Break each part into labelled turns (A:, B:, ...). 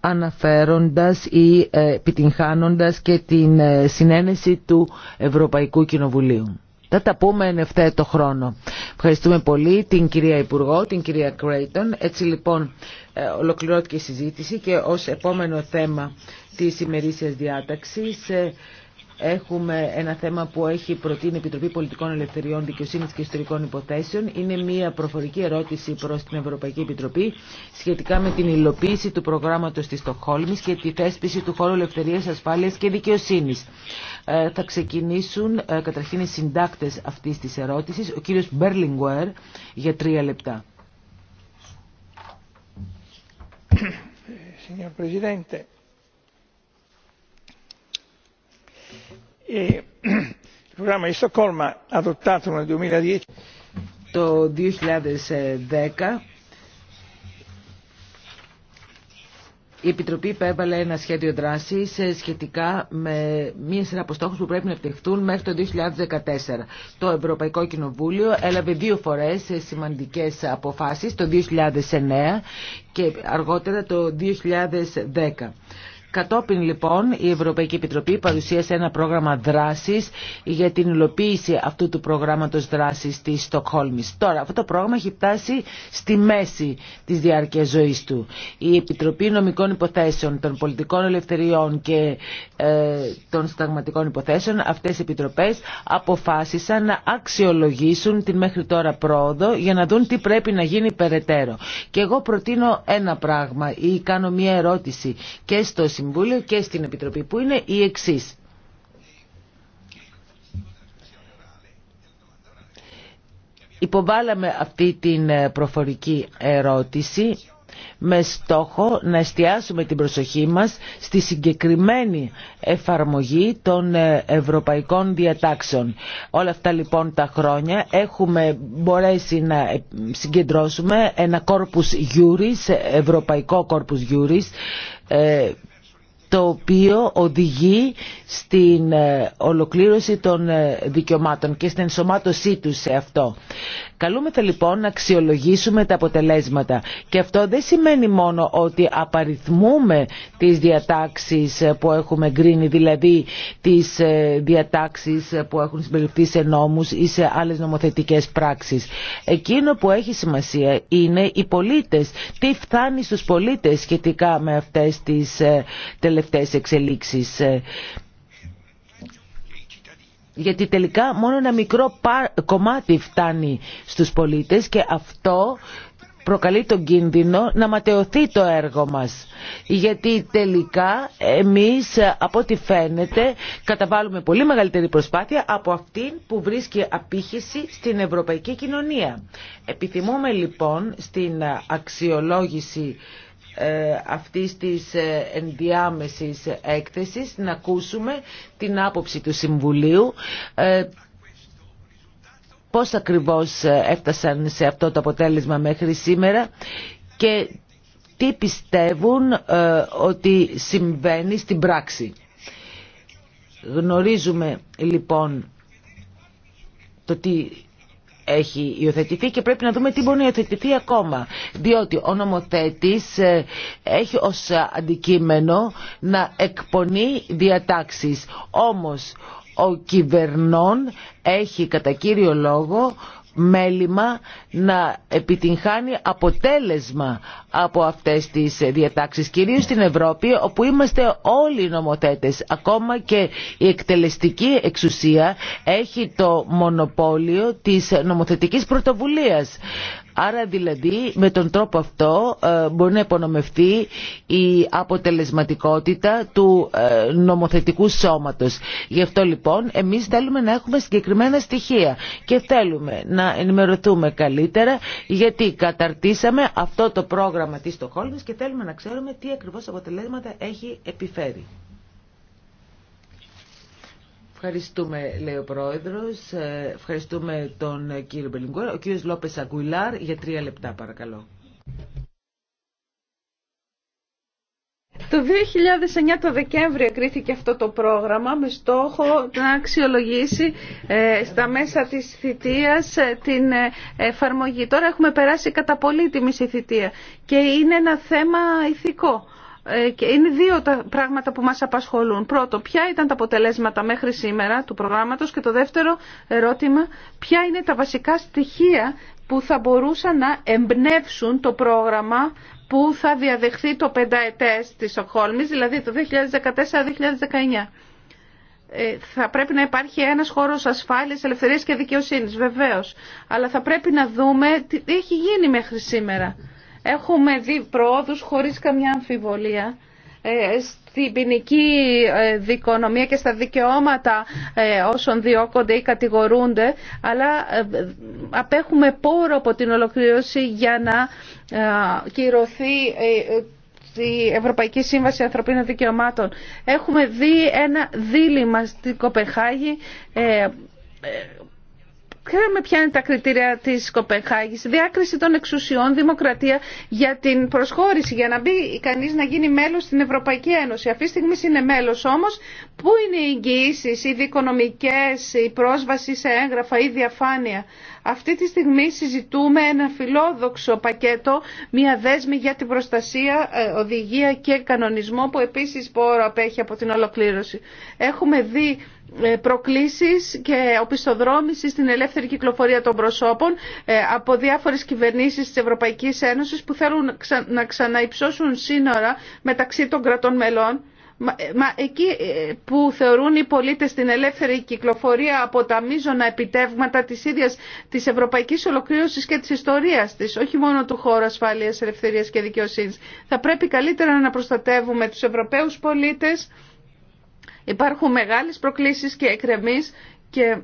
A: αναφέροντας ή ε, επιτυγχάνοντας και την ε, συνένεση του Ευρωπαϊκού Κοινοβουλίου. Θα τα πούμε εν το χρόνο. Ευχαριστούμε πολύ την κυρία Υπουργό, την κυρία Κρέιτον. Έτσι λοιπόν ε, ολοκληρώθηκε η συζήτηση και ως επόμενο θέμα της ημερήσιας διάταξης Έχουμε ένα θέμα που έχει προτείνει η Επιτροπή Πολιτικών Ελευθεριών, Δικαιοσύνη και Ιστορικών Υποθέσεων. Είναι μια προφορική ερώτηση προ την Ευρωπαϊκή Επιτροπή σχετικά με την υλοποίηση του προγράμματο τη Στοχόλμη και τη θέσπιση του χώρου ελευθερία, ασφάλεια και δικαιοσύνη. Ε, θα ξεκινήσουν ε, καταρχήν οι συντάκτε αυτή τη ερώτηση, ο κύριο Μπέρλιγκουερ, για τρία λεπτά. Signor Presidente, Το e, πρόγραμμα di Stoccolma adottato 2010 το 2010 η Επιτροπή υπέβαλε ένα σχέδιο δράσης ε, σχετικά με μία σειρά από που πρέπει να επιτευχθούν μέχρι το 2014. Το Ευρωπαϊκό Κοινοβούλιο έλαβε δύο φορές ε, σημαντικές αποφάσεις το 2009 και αργότερα το 2010. Κατόπιν λοιπόν η Ευρωπαϊκή Επιτροπή παρουσίασε ένα πρόγραμμα δράσης για την υλοποίηση αυτού του προγράμματος δράσης της Στοκχόλμης. Τώρα αυτό το πρόγραμμα έχει φτάσει στη μέση της διάρκειας ζωής του. Η Επιτροπή Νομικών Υποθέσεων, των Πολιτικών Ελευθεριών και ε, των σταγματικών Υποθέσεων, αυτές οι επιτροπές αποφάσισαν να αξιολογήσουν την μέχρι τώρα πρόοδο για να δουν τι πρέπει να γίνει περαιτέρω. Και εγώ προτείνω ένα πράγμα ή κάνω μια ερώτηση και στο Συμβούλιο και στην Επιτροπή που είναι η εξή. Υποβάλαμε αυτή την ε, προφορική ερώτηση με στόχο να εστιάσουμε την προσοχή μας στη συγκεκριμένη εφαρμογή των ε, ευρωπαϊκών διατάξεων. Όλα αυτά λοιπόν τα χρόνια έχουμε μπορέσει να ε, συγκεντρώσουμε ένα κόρπους γιούρις, ευρωπαϊκό κόρπους γιούρις, το οποίο οδηγεί στην ε, ολοκλήρωση των ε, δικαιωμάτων και στην ενσωμάτωσή τους σε αυτό. Καλούμεθα λοιπόν να αξιολογήσουμε τα αποτελέσματα και αυτό δεν σημαίνει μόνο ότι απαριθμούμε τις διατάξεις που έχουμε γκρίνει, δηλαδή τις ε, διατάξεις που έχουν συμπεριληφθεί σε νόμους ή σε άλλες νομοθετικές πράξεις. Εκείνο που έχει σημασία είναι οι πολίτες. Τι φτάνει στους πολίτες σχετικά με αυτές τις ε, τελευταίες εξελίξεις. Ε, γιατί τελικά μόνο ένα μικρό κομμάτι φτάνει στους πολίτες και αυτό προκαλεί τον κίνδυνο να ματαιωθεί το έργο μας. Γιατί τελικά εμείς από ό,τι φαίνεται καταβάλουμε πολύ μεγαλύτερη προσπάθεια από αυτήν που βρίσκει απήχηση στην ευρωπαϊκή κοινωνία. Επιθυμούμε λοιπόν στην αξιολόγηση ε, αυτής της ε, ενδιάμεσης έκθεσης, να ακούσουμε την άποψη του Συμβουλίου ε, πώς ακριβώς έφτασαν σε αυτό το αποτέλεσμα μέχρι σήμερα και τι πιστεύουν ότι συμβαίνει στην πράξη. Γνωρίζουμε λοιπόν το τι έχει υιοθετηθεί και πρέπει να δούμε τι μπορεί να υιοθετηθεί ακόμα. Διότι ο νομοθέτης ε, έχει ως αντικείμενο να εκπονεί διατάξεις. Όμως ο κυβερνών έχει κατά κύριο λόγο μέλημα να επιτυγχάνει αποτέλεσμα από αυτές τις διατάξεις κυρίως στην Ευρώπη όπου είμαστε όλοι νομοθέτες ακόμα και η εκτελεστική εξουσία έχει το μονοπόλιο της νομοθετικής πρωτοβουλίας Άρα δηλαδή με τον τρόπο αυτό ε, μπορεί να υπονομευτεί η αποτελεσματικότητα του ε, νομοθετικού σώματος. Γι' αυτό λοιπόν εμείς θέλουμε να έχουμε συγκεκριμένα στοιχεία και θέλουμε να ενημερωθούμε καλύτερα γιατί καταρτήσαμε αυτό το πρόγραμμα της Στοχόλμης και θέλουμε να ξέρουμε τι ακριβώς αποτελέσματα έχει επιφέρει. Ευχαριστούμε, λέει ο Πρόεδρο. Ε, ευχαριστούμε τον κύριο Μπελιγκόρ. Ο κύριο Λόπε Αγκουιλάρ για τρία λεπτά, παρακαλώ.
B: Το 2009 το Δεκέμβριο εκρήθηκε αυτό το πρόγραμμα με στόχο να αξιολογήσει ε, στα μέσα της θητείας ε, την εφαρμογή. Τώρα έχουμε περάσει κατά πολύ τη μισή θητεία και είναι ένα θέμα ηθικό. Ε, και είναι δύο τα πράγματα που μας απασχολούν. Πρώτο, ποια ήταν τα αποτελέσματα μέχρι σήμερα του προγράμματος και το δεύτερο ερώτημα, ποια είναι τα βασικά στοιχεία που θα μπορούσαν να εμπνεύσουν το πρόγραμμα που θα διαδεχθεί το πενταετές της Οχόλμης, δηλαδή το 2014-2019. Ε, θα πρέπει να υπάρχει ένας χώρος ασφάλειας, ελευθερίας και δικαιοσύνης, βεβαίως. Αλλά θα πρέπει να δούμε τι έχει γίνει μέχρι σήμερα. Έχουμε δει προόδους χωρίς καμιά αμφιβολία ε, στην ποινική ε, δικονομία και στα δικαιώματα ε, όσων διώκονται ή κατηγορούνται, αλλά απέχουμε πόρο από την ολοκλήρωση για να κυρωθεί η Ευρωπαϊκή Σύμβαση Ανθρωπίνων Δικαιωμάτων. Έχουμε δει ένα δίλημα στην Κοπεχάγη Ξέρουμε ποια είναι τα κριτήρια της Κοπεχάγης. Διάκριση των εξουσιών, δημοκρατία για την προσχώρηση, για να μπει κανεί να γίνει μέλος στην Ευρωπαϊκή Ένωση. Αυτή τη στιγμή είναι μέλος όμως. Πού είναι οι εγγυήσει, οι δικονομικέ, η πρόσβαση σε έγγραφα ή διαφάνεια. Αυτή τη στιγμή συζητούμε ένα φιλόδοξο πακέτο, μια δέσμη για την προστασία, ε, οδηγία και κανονισμό που επίσης πόρο απέχει από την ολοκλήρωση. Έχουμε δει ε, προκλήσεις και οπισθοδρόμηση στην ελεύθερη κυκλοφορία των προσώπων ε, από διάφορες κυβερνήσεις της Ευρωπαϊκής Ένωσης που θέλουν να ξαναυψώσουν σύνορα μεταξύ των κρατών μελών. Μα ε, εκεί που θεωρούν οι πολίτες την ελεύθερη κυκλοφορία από τα μείζωνα επιτεύγματα της ίδιας της ευρωπαϊκής ολοκλήρωσης και της ιστορίας της, όχι μόνο του χώρου ασφάλειας, ελευθερίας και δικαιοσύνης. Θα πρέπει καλύτερα να προστατεύουμε τους ευρωπαίους πολίτες Υπάρχουν μεγάλες προκλήσεις και εκκρεμίες και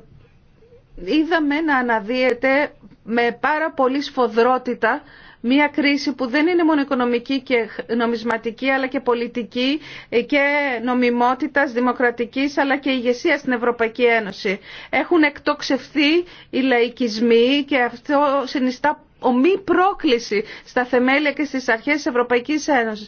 B: είδαμε να αναδύεται με πάρα πολύ σφοδρότητα μια κρίση που δεν είναι μόνο οικονομική και νομισματική αλλά και πολιτική και νομιμότητας δημοκρατικής αλλά και ηγεσία στην Ευρωπαϊκή Ένωση. Έχουν εκτοξευθεί οι λαϊκισμοί και αυτό συνιστά ομή πρόκληση στα θεμέλια και στις αρχές της Ευρωπαϊκής Ένωσης.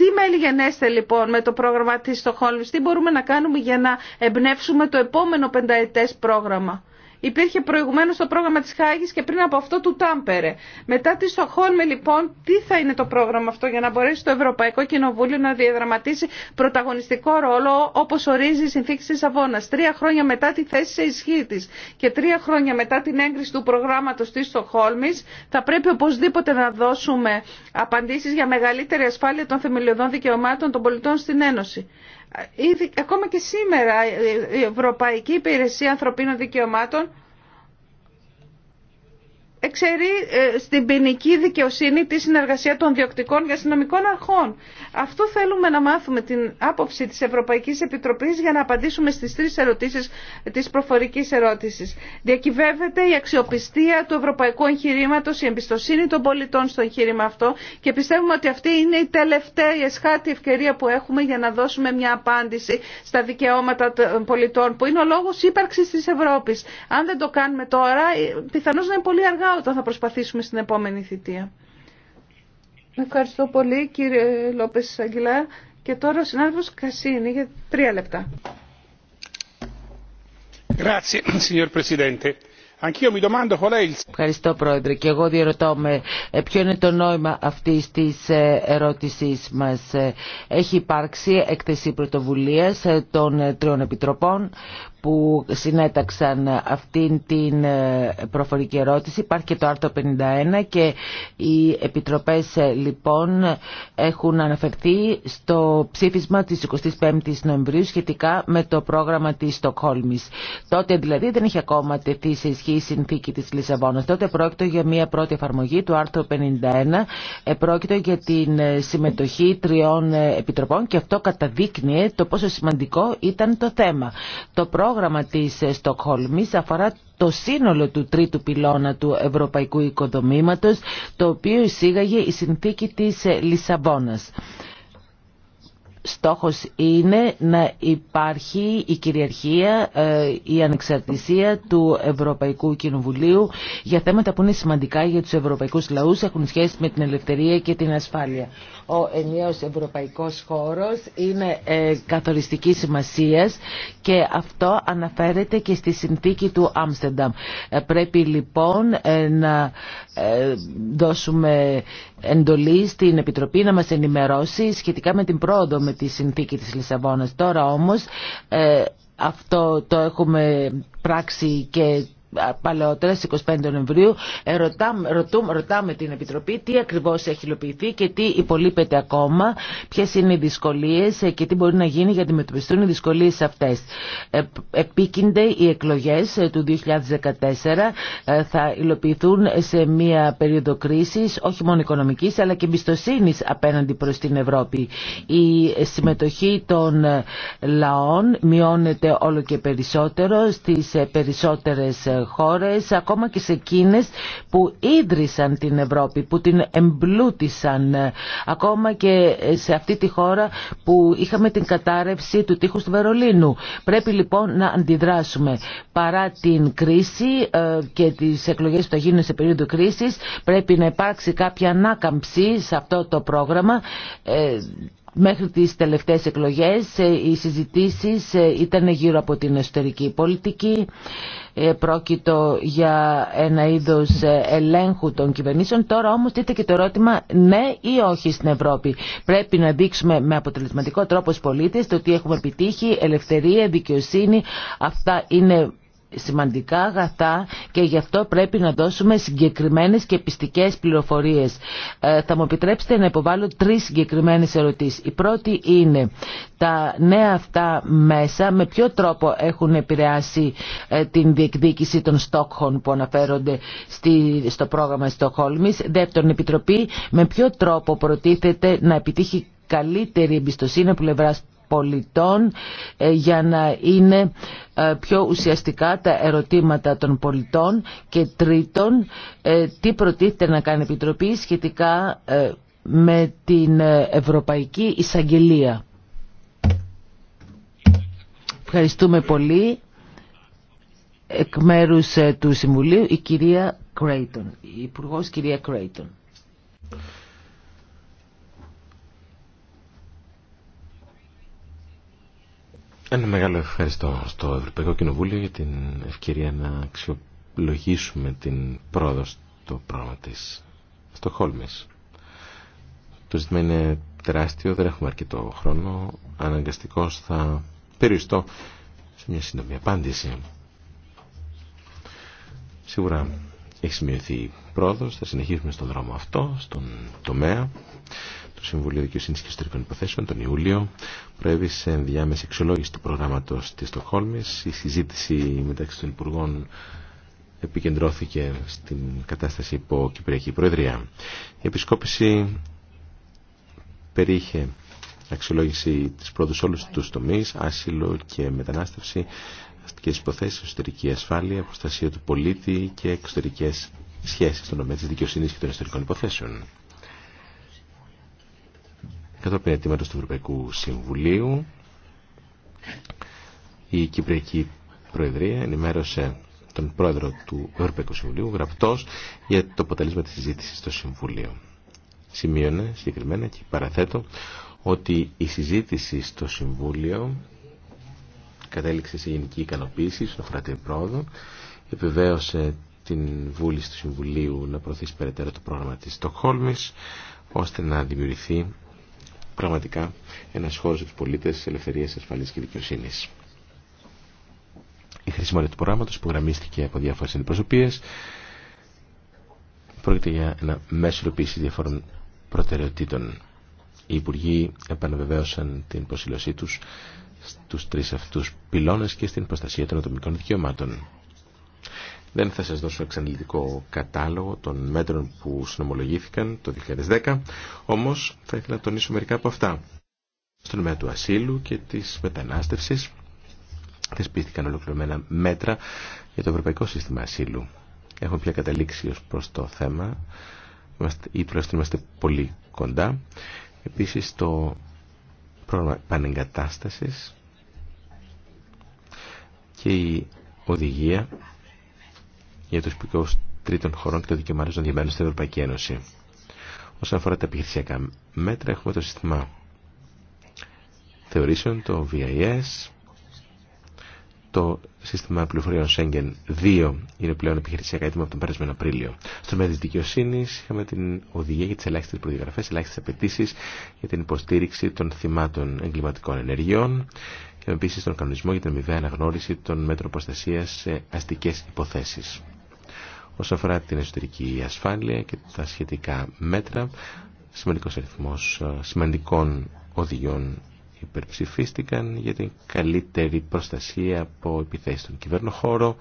B: Τι μέλη γενέστε λοιπόν με το πρόγραμμα της Στοχόλμης, τι μπορούμε να κάνουμε για να εμπνεύσουμε το επόμενο πενταετές πρόγραμμα υπήρχε προηγουμένως το πρόγραμμα της Χάγης και πριν από αυτό του Τάμπερε. Μετά τη Στοχόλμη λοιπόν, τι θα είναι το πρόγραμμα αυτό για να μπορέσει το Ευρωπαϊκό Κοινοβούλιο να διαδραματίσει πρωταγωνιστικό ρόλο όπως ορίζει η συνθήκη της Αβώνας. Τρία χρόνια μετά τη θέση σε ισχύ τη και τρία χρόνια μετά την έγκριση του προγράμματος της Στοχόλμης θα πρέπει οπωσδήποτε να δώσουμε απαντήσεις για μεγαλύτερη ασφάλεια των θεμελιωδών δικαιωμάτων των πολιτών στην Ένωση ακόμα και σήμερα η Ευρωπαϊκή Υπηρεσία Ανθρωπίνων Δικαιωμάτων εξαιρεί ε, στην ποινική δικαιοσύνη τη συνεργασία των διοκτικών και αστυνομικών αρχών. Αυτό θέλουμε να μάθουμε την άποψη της Ευρωπαϊκής Επιτροπής για να απαντήσουμε στις τρεις ερωτήσεις της προφορικής ερώτησης. Διακυβεύεται η αξιοπιστία του ευρωπαϊκού εγχειρήματο, η εμπιστοσύνη των πολιτών στο εγχείρημα αυτό και πιστεύουμε ότι αυτή είναι η τελευταία η εσχάτη ευκαιρία που έχουμε για να δώσουμε μια απάντηση στα δικαιώματα των πολιτών που είναι ο λόγος ύπαρξης της Ευρώπης. Αν δεν το κάνουμε τώρα, ε, πιθανώς να είναι πολύ αργά όταν θα προσπαθήσουμε στην επόμενη θητεία. Ευχαριστώ πολύ κύριε Λόπες Αγγελά Και τώρα ο συνάδελφος Κασίνη για τρία λεπτά.
C: Ευχαριστώ
A: πρόεδρε και εγώ διερωτώ με ε, ποιο είναι το νόημα αυτής της ε, ερώτησής μας. Ε, έχει υπάρξει έκθεση πρωτοβουλίας των τριών επιτροπών που συνέταξαν αυτήν την ε, προφορική ερώτηση. Υπάρχει και το άρθρο 51 και οι επιτροπές ε, λοιπόν έχουν αναφερθεί στο ψήφισμα της 25ης Νοεμβρίου σχετικά με το πρόγραμμα της Στοκχόλμης. Τότε δηλαδή δεν είχε ακόμα τεθεί σε ισχύ η συνθήκη της Λισαβόνας. Τότε πρόκειται για μια πρώτη εφαρμογή του άρθρου 51. Ε, πρόκειται για την συμμετοχή τριών επιτροπών και αυτό καταδείκνυε το πόσο σημαντικό ήταν το θέμα. Το πρόγραμμα της ε, Στοκχόλμης αφορά το σύνολο του τρίτου πυλώνα του ευρωπαϊκού οικοδομήματος, το οποίο εισήγαγε η συνθήκη της ε, Λισαβόνας. Στόχος είναι να υπάρχει η κυριαρχία, ε, η ανεξαρτησία του Ευρωπαϊκού Κοινοβουλίου για θέματα που είναι σημαντικά για τους ευρωπαϊκούς λαούς, έχουν σχέση με την ελευθερία και την ασφάλεια. Ο ενιαίος ευρωπαϊκός χώρος είναι ε, καθοριστικής σημασίας και αυτό αναφέρεται και στη συνθήκη του Άμστερνταμ. Ε, πρέπει λοιπόν να δώσουμε εντολή στην Επιτροπή να μας ενημερώσει σχετικά με την πρόοδο με τη συνθήκη της Λισαβόνας. Τώρα όμως ε, αυτό το έχουμε πράξει και παλαιότερα στις 25 Νοεμβρίου ε, ρωτάμε, την Επιτροπή τι ακριβώς έχει υλοποιηθεί και τι υπολείπεται ακόμα, ποιες είναι οι δυσκολίες ε, και τι μπορεί να γίνει για να αντιμετωπιστούν οι δυσκολίες αυτές. Ε, επίκυνται οι εκλογές του 2014, θα υλοποιηθούν σε μια περίοδο κρίσης, όχι μόνο οικονομικής αλλά και εμπιστοσύνη απέναντι προς την Ευρώπη. Η συμμετοχή των λαών μειώνεται όλο και περισσότερο στις περισσότερες χώρες, ακόμα και σε εκείνες που ίδρυσαν την Ευρώπη, που την εμπλούτησαν, ακόμα και σε αυτή τη χώρα που είχαμε την κατάρρευση του τείχους του Βερολίνου. Πρέπει λοιπόν να αντιδράσουμε. Παρά την κρίση ε, και τις εκλογές που θα γίνουν σε περίοδο κρίσης, πρέπει να υπάρξει κάποια ανάκαμψη σε αυτό το πρόγραμμα ε, Μέχρι τις τελευταίες εκλογές ε, οι συζητήσεις ε, ήταν γύρω από την εσωτερική πολιτική. Ε, πρόκειτο για ένα είδος ελέγχου των κυβερνήσεων. Τώρα όμως τίθεται και το ερώτημα ναι ή όχι στην Ευρώπη. Πρέπει να δείξουμε με αποτελεσματικό τρόπο στους πολίτες το ότι έχουμε επιτύχει, ελευθερία, δικαιοσύνη. Αυτά είναι σημαντικά αγαθά και γι' αυτό πρέπει να δώσουμε συγκεκριμένες και πιστικές πληροφορίες. Ε, θα μου επιτρέψετε να υποβάλω τρεις συγκεκριμένες ερωτήσεις. Η πρώτη είναι τα νέα αυτά μέσα με ποιο τρόπο έχουν επηρεάσει ε, την διεκδίκηση των στόχων που αναφέρονται στη, στο πρόγραμμα Στοχόλμης. Δεύτερον, Επιτροπή με ποιο τρόπο προτίθεται να επιτύχει καλύτερη εμπιστοσύνη από πλευρά πολιτών ε, για να είναι ε, πιο ουσιαστικά τα ερωτήματα των πολιτών και τρίτον ε, τι προτίθεται να κάνει η Επιτροπή σχετικά με την Ευρωπαϊκή Εισαγγελία. Ευχαριστούμε πολύ. Εκ μέρου του Συμβουλίου η κυρία Κρέιτον, η Υπουργός κυρία Κρέιτον.
D: Ένα μεγάλο ευχαριστώ στο Ευρωπαϊκό Κοινοβούλιο για την ευκαιρία να αξιολογήσουμε την πρόοδο στο πρόγραμμα τη Στοχόλμη. Το ζήτημα είναι τεράστιο, δεν έχουμε αρκετό χρόνο. Αναγκαστικώ θα περιοριστώ σε μια σύντομη απάντηση. Σίγουρα έχει σημειωθεί πρόοδος, θα συνεχίσουμε στον δρόμο αυτό, στον τομέα. Το Συμβουλίο Δικαιοσύνη και Ιστορικών Υποθέσεων τον Ιούλιο προέβη σε ενδιάμεση αξιολόγηση του προγράμματο τη Στοχόλμη. Η συζήτηση μεταξύ των Υπουργών επικεντρώθηκε στην κατάσταση υπό Κυπριακή Προεδρία. Η επισκόπηση περιείχε αξιολόγηση τη πρώτου όλου του τομεί, άσυλο και μετανάστευση, αστικέ υποθέσει, εσωτερική ασφάλεια, προστασία του πολίτη και εξωτερικέ σχέσεις στον τομέα της δικαιοσύνης και των ιστορικών υποθέσεων κατόπιν αιτήματος του Ευρωπαϊκού Συμβουλίου η Κυπριακή Προεδρία ενημέρωσε τον πρόεδρο του Ευρωπαϊκού Συμβουλίου γραπτός για το αποτέλεσμα της συζήτησης στο Συμβουλίο. Σημείωνε συγκεκριμένα και παραθέτω ότι η συζήτηση στο Συμβούλιο κατέληξε σε γενική ικανοποίηση στον αφορά την πρόοδο, επιβέωσε την βούληση του Συμβουλίου να προωθήσει περαιτέρω το πρόγραμμα της Στοκχόλμης, ώστε να δημιουργηθεί πραγματικά ένας χώρος για πολίτες ελευθερίας, ασφαλής και δικαιοσύνης. Η χρησιμότητα του προγράμματος που γραμμίστηκε από διάφορες αντιπροσωπίες, πρόκειται για ένα μέσο υλοποίηση διαφόρων προτεραιοτήτων. Οι Υπουργοί επαναβεβαίωσαν την προσήλωσή τους στους τρεις αυτούς πυλώνες και στην προστασία των ατομικών δικαιωμάτων. Δεν θα σας δώσω εξαντλητικό κατάλογο των μέτρων που συνομολογήθηκαν το 2010, όμως θα ήθελα να τονίσω μερικά από αυτά. Στον τομέα του ασύλου και της μετανάστευσης θεσπίστηκαν ολοκληρωμένα μέτρα για το Ευρωπαϊκό Σύστημα Ασύλου. Έχουμε πια καταλήξει ως προς το θέμα, είμαστε, ή τουλάχιστον είμαστε πολύ κοντά. Επίσης το πρόγραμμα πανεγκατάστασης και η οδηγία για του υπηκόου τρίτων χωρών και το δικαίωμά να διαμένουν στην Ευρωπαϊκή Ένωση. Όσον αφορά τα επιχειρησιακά μέτρα, έχουμε το σύστημα θεωρήσεων, το VIS, το σύστημα πληροφοριών Schengen 2 είναι πλέον επιχειρησιακά έτοιμο από τον περασμένο Απρίλιο. Στο μέρο τη δικαιοσύνη είχαμε την οδηγία για τι ελάχιστε προδιαγραφέ, ελάχιστε απαιτήσει για την υποστήριξη των θυμάτων εγκληματικών ενεργειών και επίση τον κανονισμό για την αμοιβαία αναγνώριση των μέτρων προστασία σε αστικέ υποθέσει. Όσον αφορά την εσωτερική ασφάλεια και τα σχετικά μέτρα, σημαντικός αριθμός ε, σημαντικών οδηγιών υπερψηφίστηκαν για την καλύτερη προστασία από επιθέσεις στον κυβέρνοχώρο,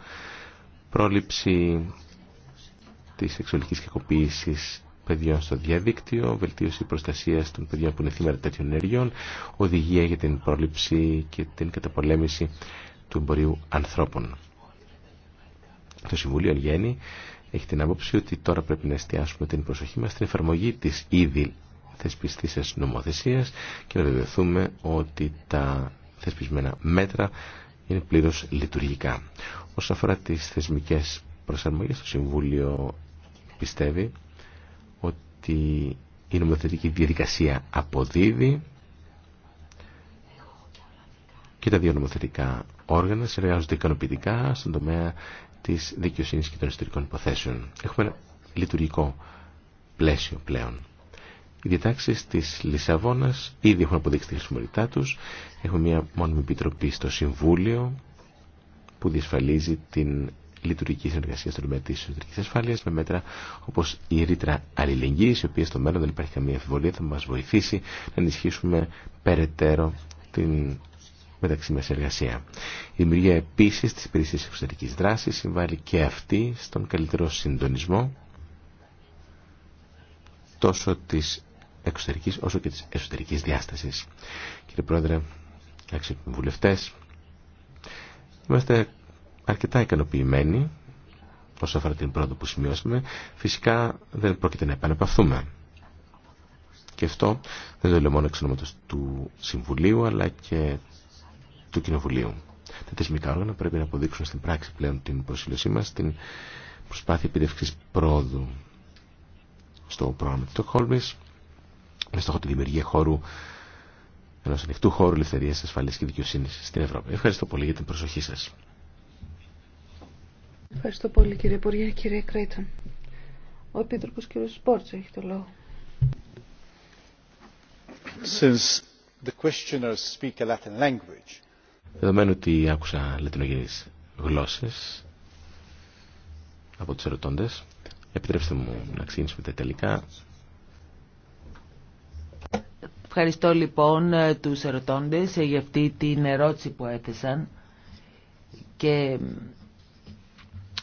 D: πρόληψη της σεξουαλικής κακοποίησης παιδιών στο διαδίκτυο, βελτίωση προστασίας των παιδιών που είναι θύματα τέτοιων ενεργειών, οδηγία για την πρόληψη και την καταπολέμηση του εμπορίου ανθρώπων. Το Συμβουλίο εν γέννη έχει την άποψη ότι τώρα πρέπει να εστιάσουμε την προσοχή μας στην εφαρμογή της ήδη θεσπιστής νομοθεσίας και να βεβαιωθούμε ότι τα θεσπισμένα μέτρα είναι πλήρως λειτουργικά. Όσον αφορά τις θεσμικές προσαρμογές, το Συμβούλιο πιστεύει ότι η νομοθετική διαδικασία αποδίδει και τα δύο νομοθετικά όργανα συνεργάζονται ικανοποιητικά στον τομέα Τη δικαιοσύνη και των ιστορικών υποθέσεων. Έχουμε ένα λειτουργικό πλαίσιο πλέον. Οι διατάξει τη Λισαβόνα ήδη έχουν αποδείξει τη χρησιμότητά του. Έχουμε μια μόνιμη επιτροπή στο Συμβούλιο που διασφαλίζει την λειτουργική συνεργασία στον τομέα τη εσωτερική ασφάλεια με μέτρα όπω η ρήτρα αλληλεγγύη, η οποία στο μέλλον δεν υπάρχει καμία αμφιβολία θα μα βοηθήσει να ενισχύσουμε περαιτέρω την μεταξύ μας εργασία. Η δημιουργία επίσης της υπηρεσίας εξωτερικής δράσης συμβάλλει και αυτή στον καλύτερο συντονισμό τόσο της εξωτερικής όσο και της εσωτερικής διάστασης. Κύριε Πρόεδρε, αξιότιμοι βουλευτές, είμαστε αρκετά ικανοποιημένοι όσο αφορά την πρόοδο που σημειώσαμε. Φυσικά δεν πρόκειται να επανεπαυθούμε. Και αυτό δεν το λέω μόνο εξ του Συμβουλίου αλλά και του Κοινοβουλίου. Τα θεσμικά όργανα πρέπει να αποδείξουν στην πράξη πλέον την προσήλωσή μα στην προσπάθεια επίτευξη πρόοδου στο πρόγραμμα τη Στοκχόλμη με στόχο τη δημιουργία χώρου ενό ανοιχτού χώρου ελευθερία, ασφαλεία και δικαιοσύνη στην Ευρώπη. Ευχαριστώ πολύ για την προσοχή σα.
B: Ευχαριστώ πολύ κύριε Υπουργέ, κύριε Κρέιτσον. Ο Επίτροπος κ. Σπόρτσα έχει το λόγο.
D: Since
C: the speak a Latin language,
D: Δεδομένου ότι άκουσα λατινογενείς γλώσσες από τους ερωτώντες, επιτρέψτε μου να ξεκινήσουμε τα τελικά.
A: Ευχαριστώ λοιπόν τους ερωτώντες για αυτή την ερώτηση που έθεσαν και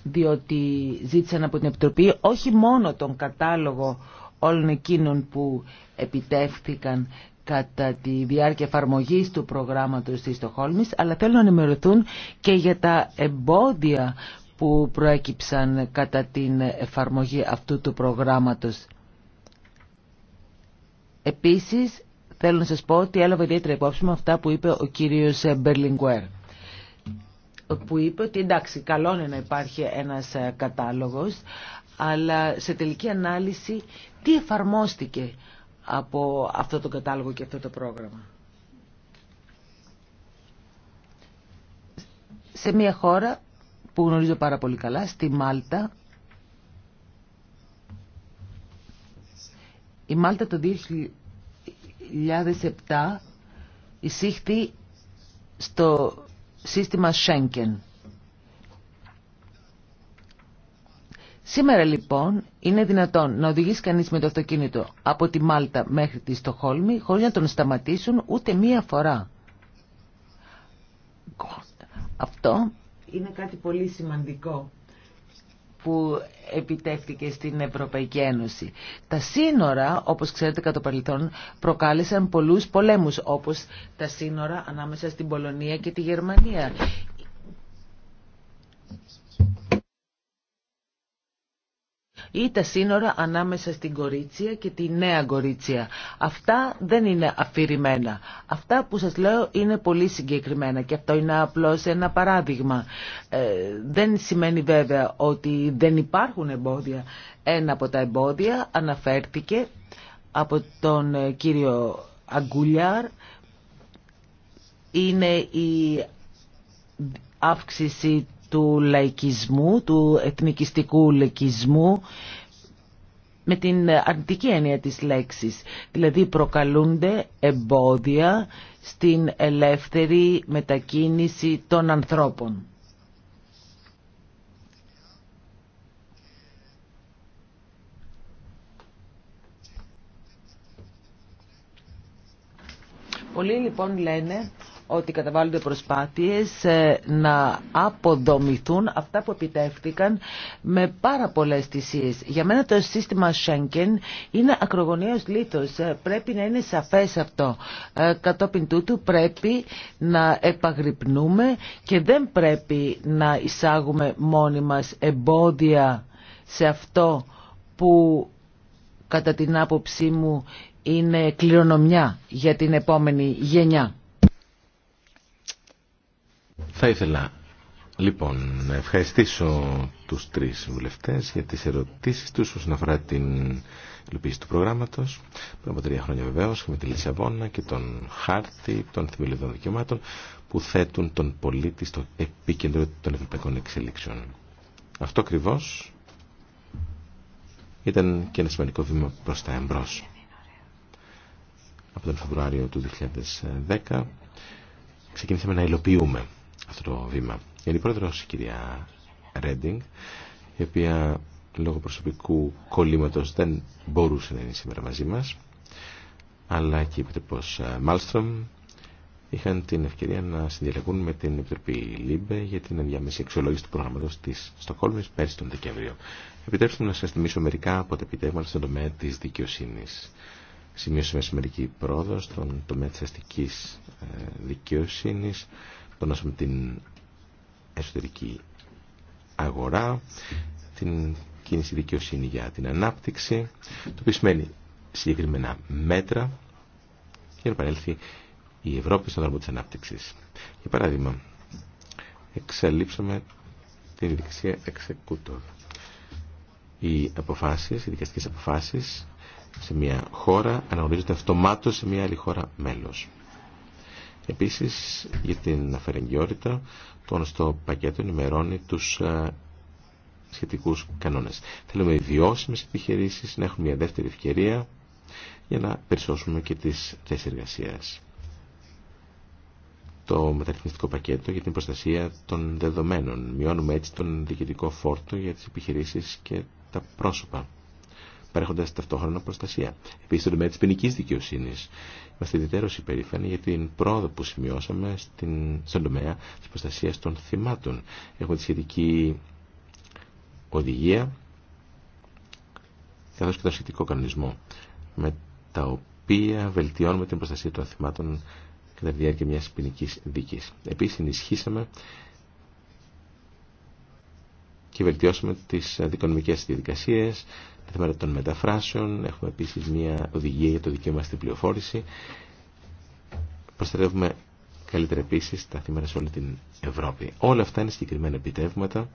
A: διότι ζήτησαν από την Επιτροπή όχι μόνο τον κατάλογο όλων εκείνων που επιτεύχθηκαν κατά τη διάρκεια εφαρμογή του προγράμματος της Στοχόλμης, αλλά θέλω να ενημερωθούν και για τα εμπόδια που προέκυψαν κατά την εφαρμογή αυτού του προγράμματος. Επίσης, θέλω να σας πω ότι έλαβα ιδιαίτερα υπόψη με αυτά που είπε ο κύριος Μπερλιγκουέρ που είπε ότι εντάξει καλό είναι να υπάρχει ένας κατάλογος αλλά σε τελική ανάλυση τι εφαρμόστηκε από αυτό το κατάλογο και αυτό το πρόγραμμα. Σε μια χώρα που γνωρίζω πάρα πολύ καλά, στη Μάλτα, η Μάλτα το 2007 εισήχθη στο σύστημα Schengen. Σήμερα λοιπόν είναι δυνατόν να οδηγήσει κανείς με το αυτοκίνητο από τη Μάλτα μέχρι τη Στοχόλμη χωρίς να τον σταματήσουν ούτε μία φορά. Αυτό είναι κάτι πολύ σημαντικό που επιτεύχθηκε στην Ευρωπαϊκή Ένωση. Τα σύνορα, όπως ξέρετε κατά παρελθόν, προκάλεσαν πολλούς πολέμους, όπως τα σύνορα ανάμεσα στην Πολωνία και τη Γερμανία. ή τα σύνορα ανάμεσα στην Κορίτσια και τη Νέα Κορίτσια. Αυτά δεν είναι αφηρημένα. Αυτά που σας λέω είναι πολύ συγκεκριμένα και αυτό είναι απλώς ένα παράδειγμα. Ε, δεν σημαίνει βέβαια ότι δεν υπάρχουν εμπόδια. Ένα από τα εμπόδια αναφέρθηκε από τον ε, κύριο Αγκουλιάρ είναι η αύξηση του λαϊκισμού, του εθνικιστικού λαϊκισμού με την αρνητική έννοια της λέξης. Δηλαδή προκαλούνται εμπόδια στην ελεύθερη μετακίνηση των ανθρώπων. Πολλοί λοιπόν λένε ότι καταβάλλονται προσπάθειες ε, να αποδομηθούν αυτά που επιτεύχθηκαν με πάρα πολλές θυσίες. Για μένα το σύστημα Schengen είναι ακρογωνιαίος λίθος. Ε, πρέπει να είναι σαφές αυτό. Ε, κατόπιν τούτου πρέπει να επαγρυπνούμε και δεν πρέπει να εισάγουμε μόνοι μας εμπόδια σε αυτό που κατά την άποψή μου είναι κληρονομιά για την επόμενη γενιά.
D: Θα ήθελα λοιπόν να ευχαριστήσω τους τρεις βουλευτές για τις ερωτήσεις τους όσον αφορά την υλοποίηση του προγράμματος πριν από τρία χρόνια βεβαίως με τη Λισαβόνα και τον χάρτη των θεμελιωδών δικαιωμάτων που θέτουν τον πολίτη στο επίκεντρο των ευρωπαϊκών εξελίξεων. Αυτό ακριβώ ήταν και ένα σημαντικό βήμα προς τα εμπρός. Από τον Φεβρουάριο του 2010 ξεκινήσαμε να υλοποιούμε αυτό το βήμα. Είναι η πρόεδρος η κυρία Ρέντινγκ, η οποία λόγω προσωπικού κολλήματο δεν μπορούσε να είναι σήμερα μαζί μα, αλλά και η επιτροπή ε, Μάλστρομ είχαν την ευκαιρία να συνδιαλεγούν με την Επιτροπή ΛΥΜΠΕ για την ενδιάμεση αξιολόγηση του προγραμματό τη Στοκόλμης πέρσι τον Δεκέμβριο. Επιτρέψτε μου να σα θυμίσω μερικά από τα επιτεύγματα στον τομέα τη δικαιοσύνη. Σημείωσε μεσημερική πρόοδο στον τομέα της αστικής ε, δικαιοσύνη πούμε, την εσωτερική αγορά, την κίνηση δικαιοσύνη για την ανάπτυξη, το οποίο σημαίνει συγκεκριμένα μέτρα για να επανέλθει η Ευρώπη στον δρόμο της ανάπτυξης. Για παράδειγμα, εξαλείψαμε την δικασία executor. Οι αποφάσεις, οι δικαστικές αποφάσεις σε μια χώρα αναγνωρίζονται αυτομάτως σε μια άλλη χώρα μέλος. Επίσης, για την αφαιρεγγιότητα, το γνωστό πακέτο ενημερώνει τους ε, σχετικούς κανόνες. Θέλουμε οι βιώσιμες επιχειρήσεις να έχουν μια δεύτερη ευκαιρία για να περισσώσουμε και τις θέσεις εργασίας. Το μεταρρυθμιστικό πακέτο για την προστασία των δεδομένων. Μειώνουμε έτσι τον διοικητικό φόρτο για τις επιχειρήσεις και τα πρόσωπα παρέχοντα ταυτόχρονα προστασία. Επίση στον τομέα τη ποινική δικαιοσύνη. είμαστε ιδιαίτερω υπερήφανοι για την πρόοδο που σημειώσαμε στην, στον τομέα τη προστασία των θυμάτων. Έχουμε τη σχετική οδηγία καθώ και τον σχετικό κανονισμό με τα οποία βελτιώνουμε την προστασία των θυμάτων κατά τη διάρκεια μια ποινική δική. Επίση ενισχύσαμε και βελτιώσαμε τις δικονομικές διαδικασίες, τα θέματα των μεταφράσεων, έχουμε επίσης μια οδηγία για το δικαίωμα στην πληροφόρηση. Προστατεύουμε καλύτερα επίσης τα θύματα σε όλη την Ευρώπη. Όλα αυτά είναι συγκεκριμένα επιτεύγματα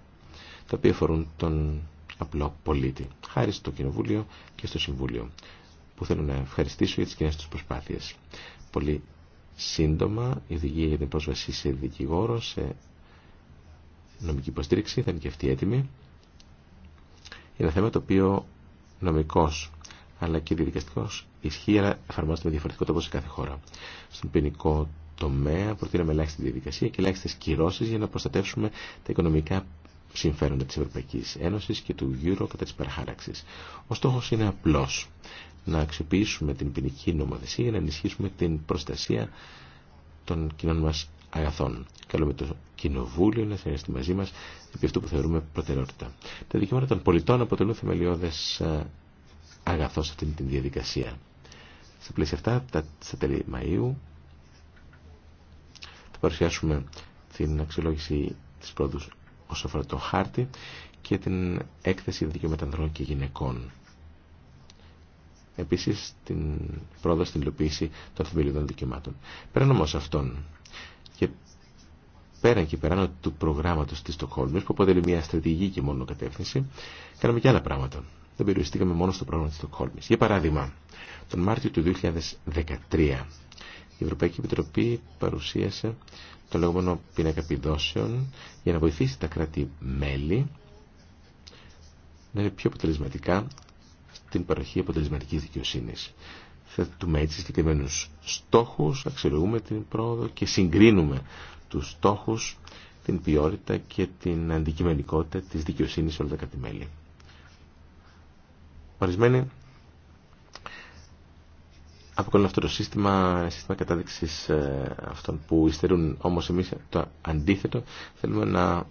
D: τα οποία αφορούν τον απλό πολίτη. Χάρη στο Κοινοβούλιο και στο Συμβούλιο που θέλω να ευχαριστήσω για τις κοινές τους προσπάθειες. Πολύ σύντομα η οδηγία για την πρόσβαση σε δικηγόρο, σε νομική υποστήριξη θα είναι και αυτή έτοιμη. Είναι ένα θέμα το οποίο νομικός αλλά και διαδικαστικός ισχύει αλλά εφαρμόζεται με διαφορετικό τρόπο σε κάθε χώρα. Στον ποινικό τομέα προτείναμε ελάχιστη διαδικασία και ελάχιστε κυρώσει για να προστατεύσουμε τα οικονομικά συμφέροντα τη Ευρωπαϊκή Ένωση και του Euro κατά τη παραχάραξη. Ο στόχο είναι απλός Να αξιοποιήσουμε την ποινική νομοθεσία για να ενισχύσουμε την προστασία των κοινών μα αγαθών. Καλούμε το Κοινοβούλιο να συνεργαστεί μαζί μα επί αυτού που θεωρούμε προτεραιότητα. Τα δικαιώματα των πολιτών αποτελούν θεμελιώδε ε, αγαθό σε αυτή την διαδικασία. Στα πλαίσια αυτά, τα, στα τέλη Μαου, θα παρουσιάσουμε την αξιολόγηση τη πρόοδου όσον αφορά το χάρτη και την έκθεση δικαιωμάτων ανδρών και γυναικών. Επίση την πρόοδο στην υλοποίηση των θεμελιωδών δικαιωμάτων. Πέραν όμω αυτών, και πέραν και πέραν του προγράμματος της Στοκχόλμης που αποτελεί μια στρατηγική και μόνο κατεύθυνση, κάναμε και άλλα πράγματα. Δεν περιοριστήκαμε μόνο στο πρόγραμμα της Στοκχόλμης. Για παράδειγμα, τον Μάρτιο του 2013 η Ευρωπαϊκή Επιτροπή παρουσίασε το λεγόμενο πίνακα επιδόσεων για να βοηθήσει τα κράτη-μέλη να είναι πιο αποτελεσματικά στην παροχή αποτελεσματική δικαιοσύνη θέτουμε έτσι συγκεκριμένου στόχους, αξιολογούμε την πρόοδο και συγκρίνουμε τους στόχους, την ποιότητα και την αντικειμενικότητα της δικαιοσύνης σε όλα τα κατημέλη. Ορισμένοι αποκαλούν αυτό το σύστημα, σύστημα κατάδειξης ε, αυτών που υστερούν. Όμως εμείς το αντίθετο θέλουμε να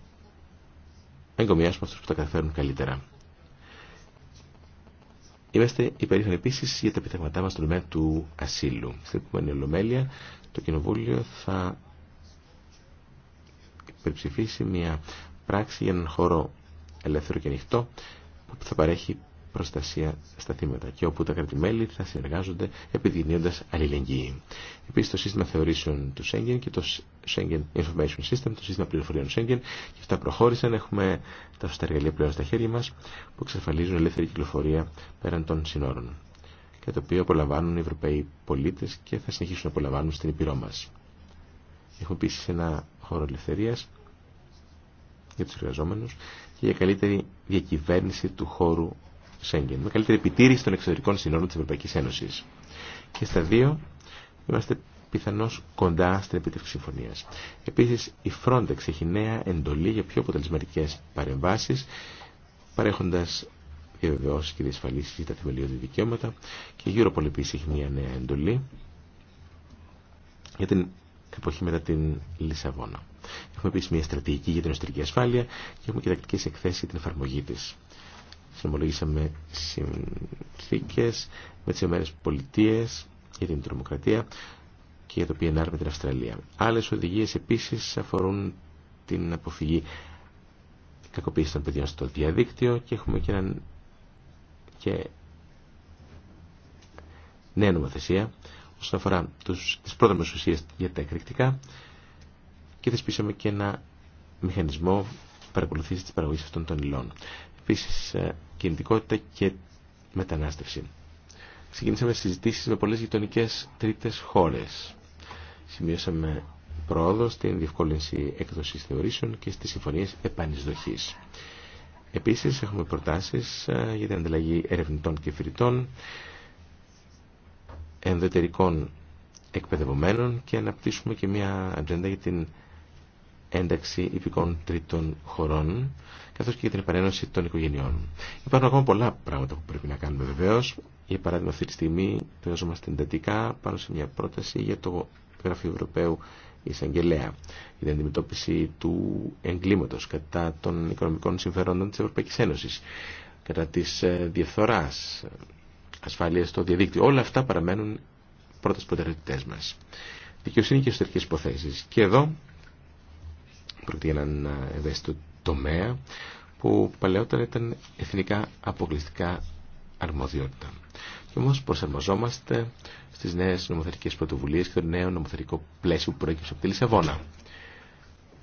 D: εγκομιάσουμε αυτούς που τα καταφέρουν καλύτερα. Είμαστε υπερήφανοι επίση για τα επιτεύγματά μα στον τομέα του ασύλου. Στην επόμενη ολομέλεια το Κοινοβούλιο θα υπερψηφίσει μια πράξη για έναν χώρο ελεύθερο και ανοιχτό που θα παρέχει προστασία στα θύματα και όπου τα κρατημέλη θα συνεργάζονται επιδεινύοντας αλληλεγγύη. Επίσης το σύστημα θεωρήσεων του Schengen και το Schengen Information System, το σύστημα πληροφοριών Schengen και αυτά προχώρησαν. Έχουμε τα σωστά εργαλεία πλέον στα χέρια μας που εξασφαλίζουν ελεύθερη κυκλοφορία πέραν των συνόρων και το οποίο απολαμβάνουν οι Ευρωπαίοι πολίτες και θα συνεχίσουν να απολαμβάνουν στην Υπηρό μας. Έχουμε επίσης ένα χώρο ελευθερίας για τους εργαζόμενους και για καλύτερη διακυβέρνηση του χώρου Σέγγεν, με καλύτερη επιτήρηση των εξωτερικών συνόρων της Ευρωπαϊκής Ένωσης. Και στα δύο είμαστε πιθανώς κοντά στην επίτευξη συμφωνίας. Επίσης, η Frontex έχει νέα εντολή για πιο αποτελεσματικές παρεμβάσεις, παρέχοντας διαβεβαιώσεις και διασφαλίσεις για τα θεμελιώδη δικαιώματα και η Europol επίσης έχει μια νέα εντολή για την εποχή μετά την Λισαβόνα. Έχουμε επίσης μια στρατηγική για την εσωτερική ασφάλεια και έχουμε και τακτικές εκθέσει για την εφαρμογή τη συνομολογήσαμε συνθήκε με τις ΗΠΑ Πολιτείες για την τρομοκρατία και για το PNR με την Αυστραλία. Άλλε οδηγίες επίσης αφορούν την αποφυγή κακοποίηση των παιδιών στο διαδίκτυο και έχουμε και, έναν, και νέα νομοθεσία όσον αφορά τους, τις πρόδρομες ουσίες για τα εκρηκτικά και θεσπίσαμε και ένα μηχανισμό παρακολουθήσει της παραγωγής αυτών των υλών. Επίσης ε, κινητικότητα και μετανάστευση. Ξεκινήσαμε συζητήσεις με πολλές γειτονικέ τρίτες χώρες. Σημειώσαμε πρόοδο στην διευκόλυνση έκδοσης θεωρήσεων και στις συμφωνίες επανεισδοχής. Επίσης έχουμε προτάσεις ε, για την ανταλλαγή ερευνητών και φοιτητών, ενδοτερικών εκπαιδευομένων και αναπτύσσουμε και μια ατζέντα για την ένταξη υπηκών τρίτων χωρών, καθώς και για την επανένωση των οικογενειών. Υπάρχουν ακόμα πολλά πράγματα που πρέπει να κάνουμε βεβαίω. Για παράδειγμα, αυτή τη στιγμή εργαζόμαστε εντατικά πάνω σε μια πρόταση για το Γραφείο Ευρωπαίου Εισαγγελέα για την αντιμετώπιση του εγκλήματο κατά των οικονομικών συμφερόντων της Ευρωπαϊκής Ένωσης, κατά τη ε, διαφθοράς, ασφάλεια στο διαδίκτυο. Όλα αυτά παραμένουν πρώτες προτεραιότητές μας. Δικαιοσύνη και εσωτερικές υποθέσεις. Και εδώ Πρόκειται έναν ευαίσθητο τομέα που παλαιότερα ήταν εθνικά αποκλειστικά αρμοδιότητα. Και όμως προσαρμοζόμαστε στις νέες νομοθετικές πρωτοβουλίες και το νέο νομοθετικό πλαίσιο που προέκυψε από τη Λισαβόνα.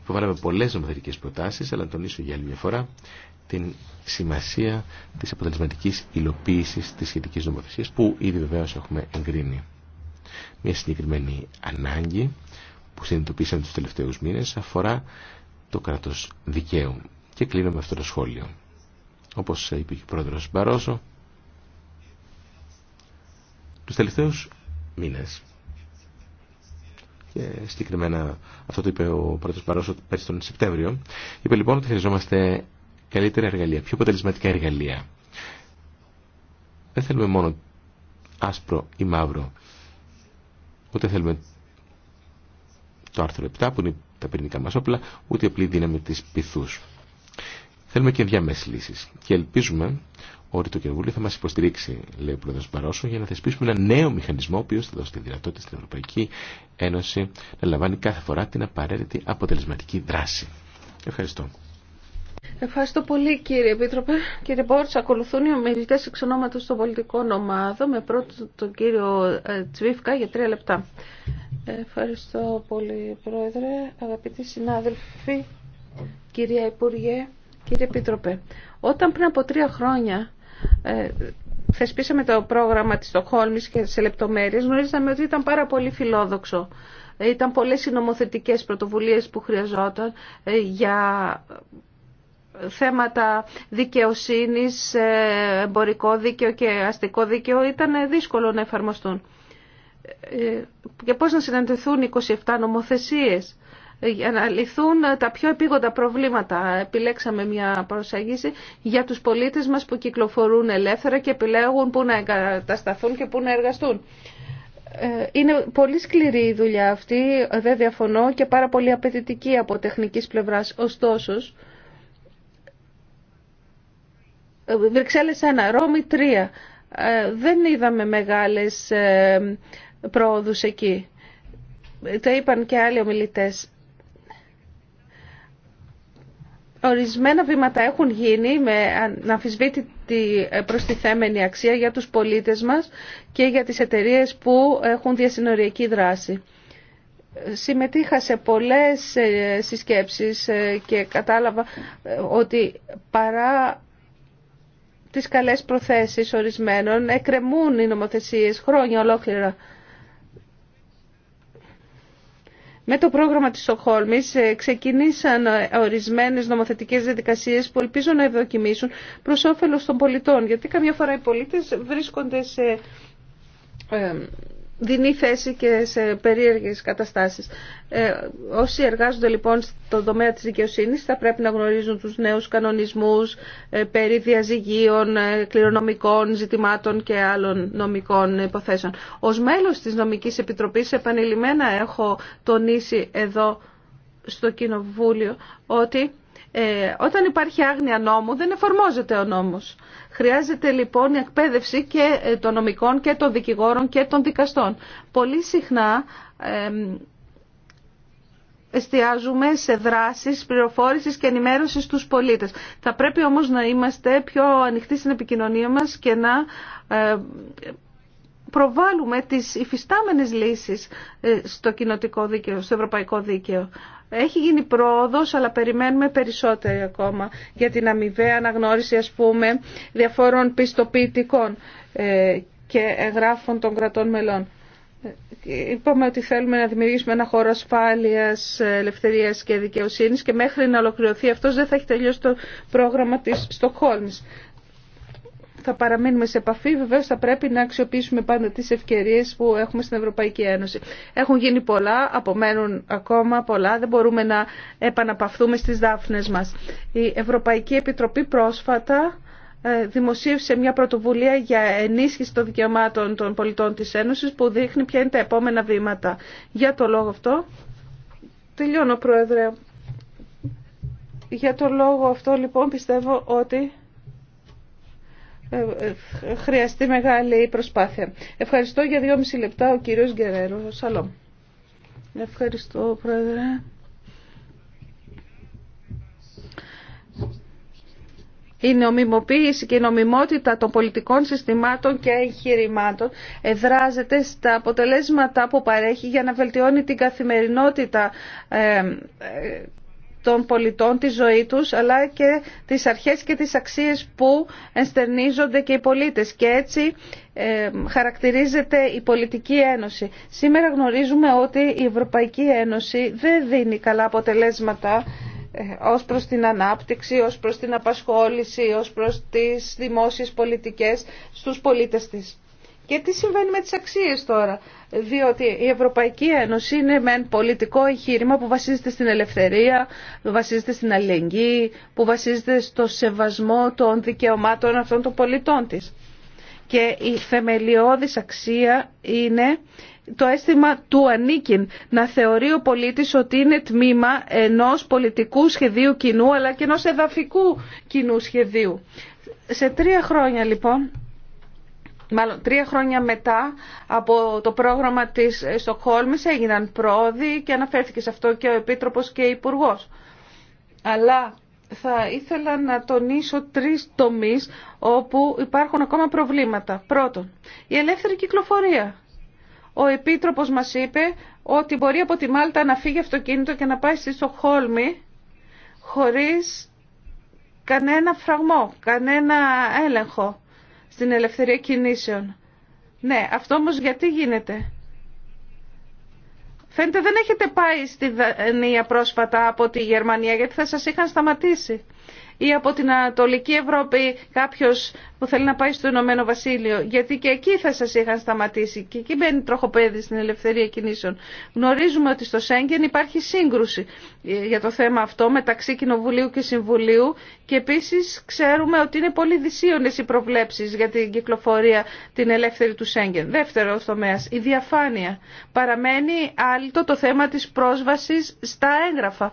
D: Υποβάλαμε πολλές νομοθετικές προτάσεις, αλλά να τονίσω για άλλη μια φορά την σημασία της αποτελεσματικής υλοποίησης της σχετικής νομοθεσίας που ήδη βεβαίως έχουμε εγκρίνει. Μια συγκεκριμένη ανάγκη που συνειδητοποίησαμε τους τελευταίους μήνες αφορά το κράτος δικαίου. Και κλείνω με αυτό το σχόλιο. Όπως είπε και ο πρόεδρος Μπαρόσο, τους τελευταίους μήνες και συγκεκριμένα αυτό το είπε ο πρώτος Μπαρόσο πέρσι τον Σεπτέμβριο, είπε λοιπόν ότι χρειαζόμαστε καλύτερα εργαλεία, πιο αποτελεσματικά εργαλεία. Δεν θέλουμε μόνο άσπρο ή μαύρο. Ούτε θέλουμε το άρθρο 7 που είναι τα πυρηνικά μα όπλα, ούτε απλή δύναμη τη πυθού. Θέλουμε και διαμέση λύσει. και ελπίζουμε ότι το Κοινοβούλιο θα μα υποστηρίξει, λέει ο Πρόεδρο Μπαρόσο, για να θεσπίσουμε ένα νέο μηχανισμό ο οποίο θα δώσει τη δυνατότητα στην Ευρωπαϊκή Ένωση να λαμβάνει κάθε φορά την απαραίτητη αποτελεσματική δράση. Ευχαριστώ.
B: Ευχαριστώ πολύ κύριε Επίτροπε. Κύριε Μπόρτς, ακολουθούν οι ομιλητές εξ ονόματος των πολιτικών ομάδων με πρώτο τον κύριο ε, Τσβίφκα για τρία λεπτά. Ευχαριστώ πολύ, Πρόεδρε. Αγαπητοί συνάδελφοι, κυρία Υπουργέ, κύριε Επίτροπε. Όταν πριν από τρία χρόνια ε, θεσπίσαμε το πρόγραμμα της Στοχόλμης και σε λεπτομέρειες, γνωρίζαμε ότι ήταν πάρα πολύ φιλόδοξο. Ήταν πολλές οι πρωτοβουλίες που χρειαζόταν ε, για θέματα δικαιοσύνης, ε, εμπορικό δίκαιο και αστικό δίκαιο. Ήταν δύσκολο να εφαρμοστούν και πώς να συναντηθούν 27 νομοθεσίες για να λυθούν τα πιο επίγοντα προβλήματα. Επιλέξαμε μια προσέγγιση για τους πολίτες μας που κυκλοφορούν ελεύθερα και επιλέγουν πού να εγκατασταθούν και πού να εργαστούν. Ε, είναι πολύ σκληρή η δουλειά αυτή, δεν διαφωνώ και πάρα πολύ απαιτητική από τεχνικής πλευράς. Ωστόσο, Βρυξέλλες 1, Ρώμη 3, ε, δεν είδαμε μεγάλες ε, πρόοδους εκεί. Το είπαν και άλλοι ομιλητές. Ορισμένα βήματα έχουν γίνει με τη προστιθέμενη αξία για τους πολίτες μας και για τις εταιρείες που έχουν διασυνοριακή δράση. Συμμετείχα σε πολλές ε, συσκέψεις ε, και κατάλαβα ε, ότι παρά τις καλές προθέσεις ορισμένων εκκρεμούν οι νομοθεσίες χρόνια ολόκληρα. Με το πρόγραμμα της Στοχόλμης ε, ξεκινήσαν ε, ορισμένες νομοθετικές διαδικασίες που ελπίζω να ευδοκιμήσουν προς όφελος των πολιτών. Γιατί καμιά φορά οι πολίτες βρίσκονται σε ε, δινή θέση και σε περίεργες καταστάσεις. Ε, όσοι εργάζονται λοιπόν στον τομέα της δικαιοσύνης θα πρέπει να γνωρίζουν τους νέους κανονισμούς ε, περί διαζυγίων, ε, κληρονομικών ζητημάτων και άλλων νομικών υποθέσεων. Ως μέλος της Νομικής Επιτροπής επανειλημμένα έχω τονίσει εδώ στο Κοινοβούλιο ότι ε, όταν υπάρχει άγνοια νόμου δεν εφαρμόζεται ο νόμος. Χρειάζεται λοιπόν η εκπαίδευση και ε, των νομικών και των δικηγόρων και των δικαστών. Πολύ συχνά εστιάζουμε σε δράσεις πληροφόρησης και ενημέρωση στους πολίτες. Θα πρέπει όμως να είμαστε πιο ανοιχτοί στην επικοινωνία μας και να ε, προβάλλουμε τις υφιστάμενες λύσεις ε, στο κοινοτικό δίκαιο, στο ευρωπαϊκό δίκαιο. Έχει γίνει πρόοδος, αλλά περιμένουμε περισσότερο ακόμα για την αμοιβαία αναγνώριση, ας πούμε, διαφόρων πιστοποιητικών ε, και εγγράφων των κρατών μελών. Ε, είπαμε ότι θέλουμε να δημιουργήσουμε ένα χώρο ασφάλεια, ελευθερία και δικαιοσύνη και μέχρι να ολοκληρωθεί αυτό δεν θα έχει τελειώσει το πρόγραμμα τη Στοκχόλμη θα παραμείνουμε σε επαφή. Βεβαίω θα πρέπει να αξιοποιήσουμε πάντα τι ευκαιρίε που έχουμε στην Ευρωπαϊκή Ένωση. Έχουν γίνει πολλά, απομένουν ακόμα πολλά. Δεν μπορούμε να επαναπαυθούμε στι δάφνε μα. Η Ευρωπαϊκή Επιτροπή πρόσφατα ε, δημοσίευσε μια πρωτοβουλία για ενίσχυση των δικαιωμάτων των πολιτών της Ένωσης που δείχνει ποια είναι τα επόμενα βήματα. Για το λόγο αυτό, τελειώνω Πρόεδρε, για το λόγο αυτό λοιπόν πιστεύω ότι ε, ε, χρειαστεί μεγάλη προσπάθεια. Ευχαριστώ για δύο μισή λεπτά ο κύριος Γκερέρο Σαλόμ. Ευχαριστώ πρόεδρε. Η νομιμοποίηση και η νομιμότητα των πολιτικών συστημάτων και εγχειρημάτων εδράζεται στα αποτελέσματα που παρέχει για να βελτιώνει την καθημερινότητα ε, των πολιτών, τη ζωή τους, αλλά και τις αρχές και τις αξίες που ενστερνίζονται και οι πολίτες. Και έτσι ε, χαρακτηρίζεται η πολιτική ένωση. Σήμερα γνωρίζουμε ότι η Ευρωπαϊκή Ένωση δεν δίνει καλά αποτελέσματα ε, ως προς την ανάπτυξη, ως προς την απασχόληση, ως προς τις δημόσιες πολιτικές στους πολίτες της. Και τι συμβαίνει με τις αξίες τώρα, διότι η Ευρωπαϊκή Ένωση είναι με ένα πολιτικό εγχείρημα που βασίζεται στην ελευθερία, που βασίζεται στην αλληλεγγύη, που βασίζεται στο σεβασμό των δικαιωμάτων αυτών των πολιτών της. Και η θεμελιώδης αξία είναι το αίσθημα του ανήκειν, να θεωρεί ο πολίτης ότι είναι τμήμα ενός πολιτικού σχεδίου κοινού, αλλά και ενός εδαφικού κοινού σχεδίου. Σε τρία χρόνια λοιπόν μάλλον τρία χρόνια μετά από το πρόγραμμα της Στοκχόλμης έγιναν πρόοδοι και αναφέρθηκε σε αυτό και ο Επίτροπος και ο Υπουργός. Αλλά θα ήθελα να τονίσω τρεις τομείς όπου υπάρχουν ακόμα προβλήματα. Πρώτον, η ελεύθερη κυκλοφορία. Ο Επίτροπος μας είπε ότι μπορεί από τη Μάλτα να φύγει αυτοκίνητο και να πάει στη Στοχόλμη χωρίς κανένα φραγμό, κανένα έλεγχο στην ελευθερία κινήσεων. Ναι, αυτό όμως γιατί γίνεται. Φαίνεται δεν έχετε πάει στη Δανία πρόσφατα από τη Γερμανία γιατί θα σας είχαν σταματήσει ή από την Ανατολική Ευρώπη κάποιο που θέλει να πάει στο Ηνωμένο Βασίλειο. Γιατί και εκεί θα σα είχαν σταματήσει και εκεί μπαίνει τροχοπέδι στην ελευθερία κινήσεων. Γνωρίζουμε ότι στο Σέγγεν υπάρχει σύγκρουση για το θέμα αυτό μεταξύ Κοινοβουλίου και Συμβουλίου και επίση ξέρουμε ότι είναι πολύ δυσίωνε οι προβλέψει για την κυκλοφορία την ελεύθερη του Σέγγεν. Δεύτερο τομέα, η διαφάνεια. Παραμένει άλυτο το θέμα τη πρόσβαση στα έγγραφα.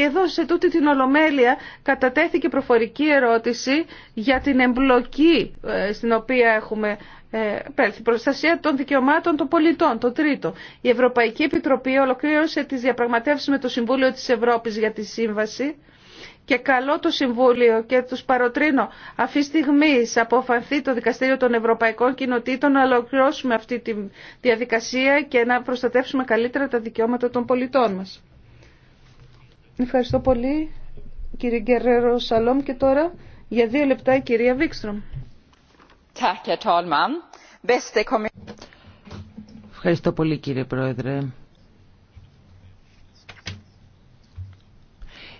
B: Και εδώ σε τούτη την Ολομέλεια κατατέθηκε προφορική ερώτηση για την εμπλοκή ε, στην οποία έχουμε ε, πέλθει. Προστασία των δικαιωμάτων των πολιτών. Το τρίτο. Η Ευρωπαϊκή Επιτροπή ολοκλήρωσε τις διαπραγματεύσεις με το Συμβούλιο της Ευρώπης για τη Σύμβαση και καλό το Συμβούλιο και τους παροτρύνω αυτή στιγμή αποφανθεί το Δικαστήριο των Ευρωπαϊκών Κοινοτήτων να ολοκληρώσουμε αυτή τη διαδικασία και να προστατεύσουμε καλύτερα τα δικαιώματα των πολιτών μας. Ευχαριστώ πολύ κύριε Γκερέρο Σαλόμ και τώρα για δύο λεπτά η κυρία Βίξτρομ.
A: Ευχαριστώ πολύ κύριε Πρόεδρε.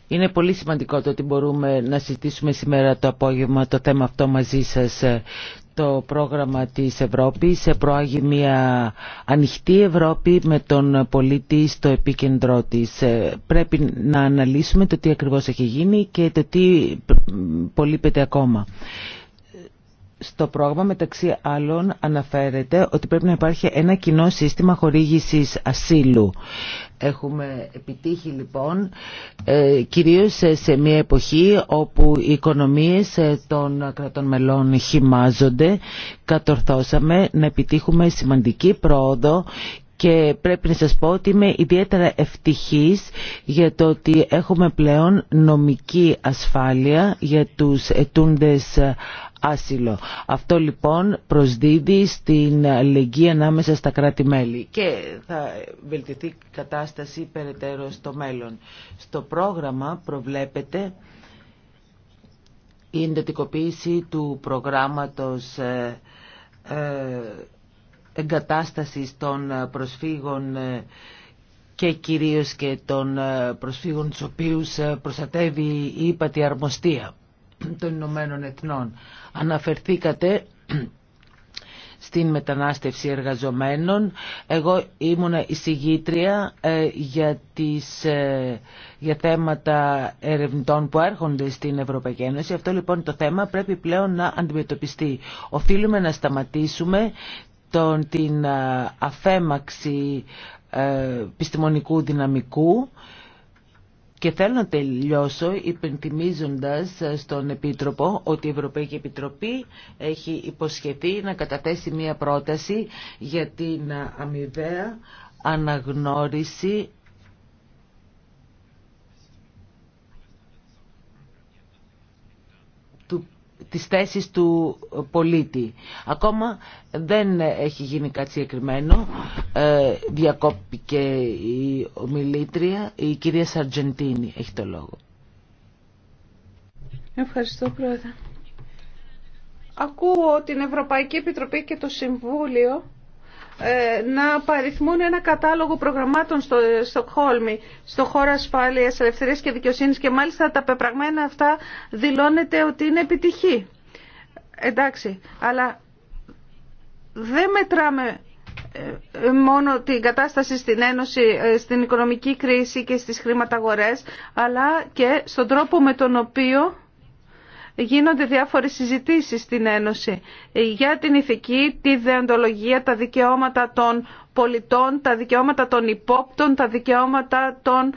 A: Είναι πολύ σημαντικό το ότι μπορούμε να συζητήσουμε σήμερα το απόγευμα το θέμα αυτό μαζί σας το πρόγραμμα της Ευρώπης σε προάγει μια ανοιχτή Ευρώπη με τον πολίτη στο επίκεντρό της. Ε, πρέπει να αναλύσουμε το τι ακριβώς έχει γίνει και το τι πολύπεται ακόμα στο πρόγραμμα μεταξύ άλλων αναφέρεται ότι πρέπει να υπάρχει ένα κοινό σύστημα χορήγησης ασύλου. Έχουμε επιτύχει λοιπόν ε, κυρίως σε μια εποχή όπου οι οικονομίες ε, των κρατών μελών χυμάζονται κατορθώσαμε να επιτύχουμε σημαντική πρόοδο και πρέπει να σας πω ότι είμαι ιδιαίτερα ευτυχής για το ότι έχουμε πλέον νομική ασφάλεια για τους ετούντες άσυλο. Αυτό λοιπόν προσδίδει στην αλληλεγγύη ανάμεσα στα κράτη-μέλη και θα βελτιωθεί η κατάσταση περαιτέρω στο μέλλον. Στο πρόγραμμα προβλέπεται η εντατικοποίηση του προγράμματος ε, ε, εγκατάστασης των προσφύγων ε, και κυρίως και των προσφύγων του οποίους προστατεύει η αρμοστία των Ηνωμένων Εθνών. Αναφερθήκατε στην μετανάστευση εργαζομένων. Εγώ ήμουνα εισηγήτρια ε, για, τις, ε, για θέματα ερευνητών που έρχονται στην Ευρωπαϊκή Ένωση. Αυτό λοιπόν το θέμα πρέπει πλέον να αντιμετωπιστεί. Οφείλουμε να σταματήσουμε τον, την ε, αφέμαξη επιστημονικού δυναμικού και θέλω να τελειώσω υπενθυμίζοντας στον Επίτροπο ότι η Ευρωπαϊκή Επιτροπή έχει υποσχεθεί να καταθέσει μία πρόταση για την αμοιβαία αναγνώριση τις θέσεις του πολίτη. Ακόμα δεν έχει γίνει κάτι συγκεκριμένο. Ε, διακόπηκε η ομιλήτρια, η κυρία Σαρτζεντίνη έχει το λόγο.
B: Ευχαριστώ πρόεδρε. Ακούω την Ευρωπαϊκή Επιτροπή και το Συμβούλιο ε, να παριθμούν ένα κατάλογο προγραμμάτων στο Στοκχόλμη, στο χώρο ασφάλειας, ελευθερίας και δικαιοσύνης και μάλιστα τα πεπραγμένα αυτά δηλώνεται ότι είναι επιτυχή. Εντάξει, αλλά δεν μετράμε ε, μόνο την κατάσταση στην Ένωση, ε, στην οικονομική κρίση και στις χρηματαγορές, αλλά και στον τρόπο με τον οποίο γίνονται διάφορες συζητήσεις στην Ένωση για την ηθική, τη δεοντολογία, τα δικαιώματα των πολιτών, τα δικαιώματα των υπόπτων, τα δικαιώματα των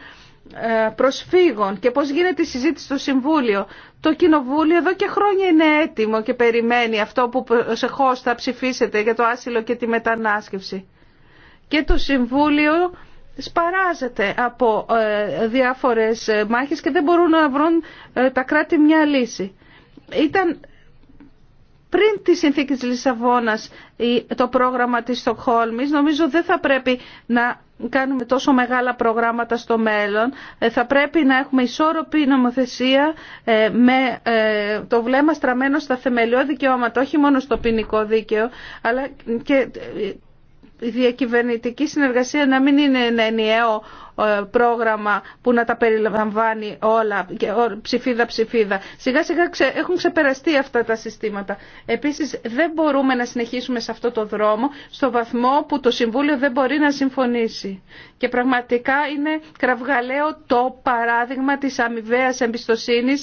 B: ε, προσφύγων και πώς γίνεται η συζήτηση στο Συμβούλιο. Το Κοινοβούλιο εδώ και χρόνια είναι έτοιμο και περιμένει αυτό που προσεχώς θα ψηφίσετε για το άσυλο και τη μετανάσκευση. Και το Συμβούλιο σπαράζεται από ε, διάφορες ε, μάχες και δεν μπορούν να βρουν τα κράτη μια λύση. Ήταν πριν τη συνθήκη της Λισαβόνας το πρόγραμμα της Στοκχόλμης. Νομίζω δεν θα πρέπει να κάνουμε τόσο μεγάλα προγράμματα στο μέλλον. Ε, θα πρέπει να έχουμε ισόρροπη νομοθεσία ε, με ε, το βλέμμα στραμμένο στα θεμελιώδη δικαιώματα, όχι μόνο στο ποινικό δίκαιο, αλλά και η διακυβερνητική συνεργασία να μην είναι ένα ενιαίο ε, πρόγραμμα που να τα περιλαμβάνει όλα, ψηφίδα-ψηφίδα. Σιγά-σιγά έχουν ξεπεραστεί αυτά τα συστήματα. Επίσης δεν μπορούμε να συνεχίσουμε σε αυτό το δρόμο στο βαθμό που το Συμβούλιο δεν μπορεί να συμφωνήσει. Και πραγματικά είναι κραυγαλαίο το παράδειγμα της αμοιβαία εμπιστοσύνη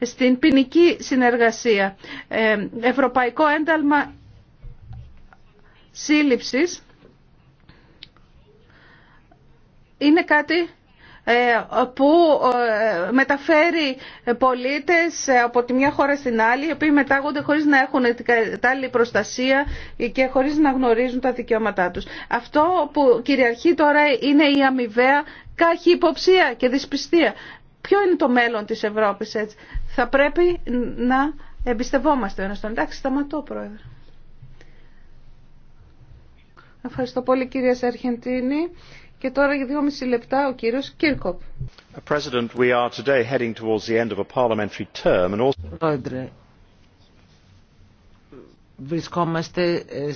B: στην ποινική συνεργασία. Ε, ευρωπαϊκό ένταλμα σύλληψης είναι κάτι ε, που ε, μεταφέρει πολίτες από τη μια χώρα στην άλλη οι οποίοι μετάγονται χωρίς να έχουν την κατάλληλη προστασία και χωρίς να γνωρίζουν τα δικαιώματά τους. Αυτό που κυριαρχεί τώρα είναι η αμοιβαία κάχη υποψία και δυσπιστία. Ποιο είναι το μέλλον της Ευρώπης έτσι. Θα πρέπει να εμπιστευόμαστε ένας τον. Εντάξει, σταματώ πρόεδρε. Ευχαριστώ πολύ κυρία Σαρχεντίνη. Και τώρα για δύο μισή λεπτά ο κύριος Κίρκοπ.
A: Πρόεδρε, βρισκόμαστε ε,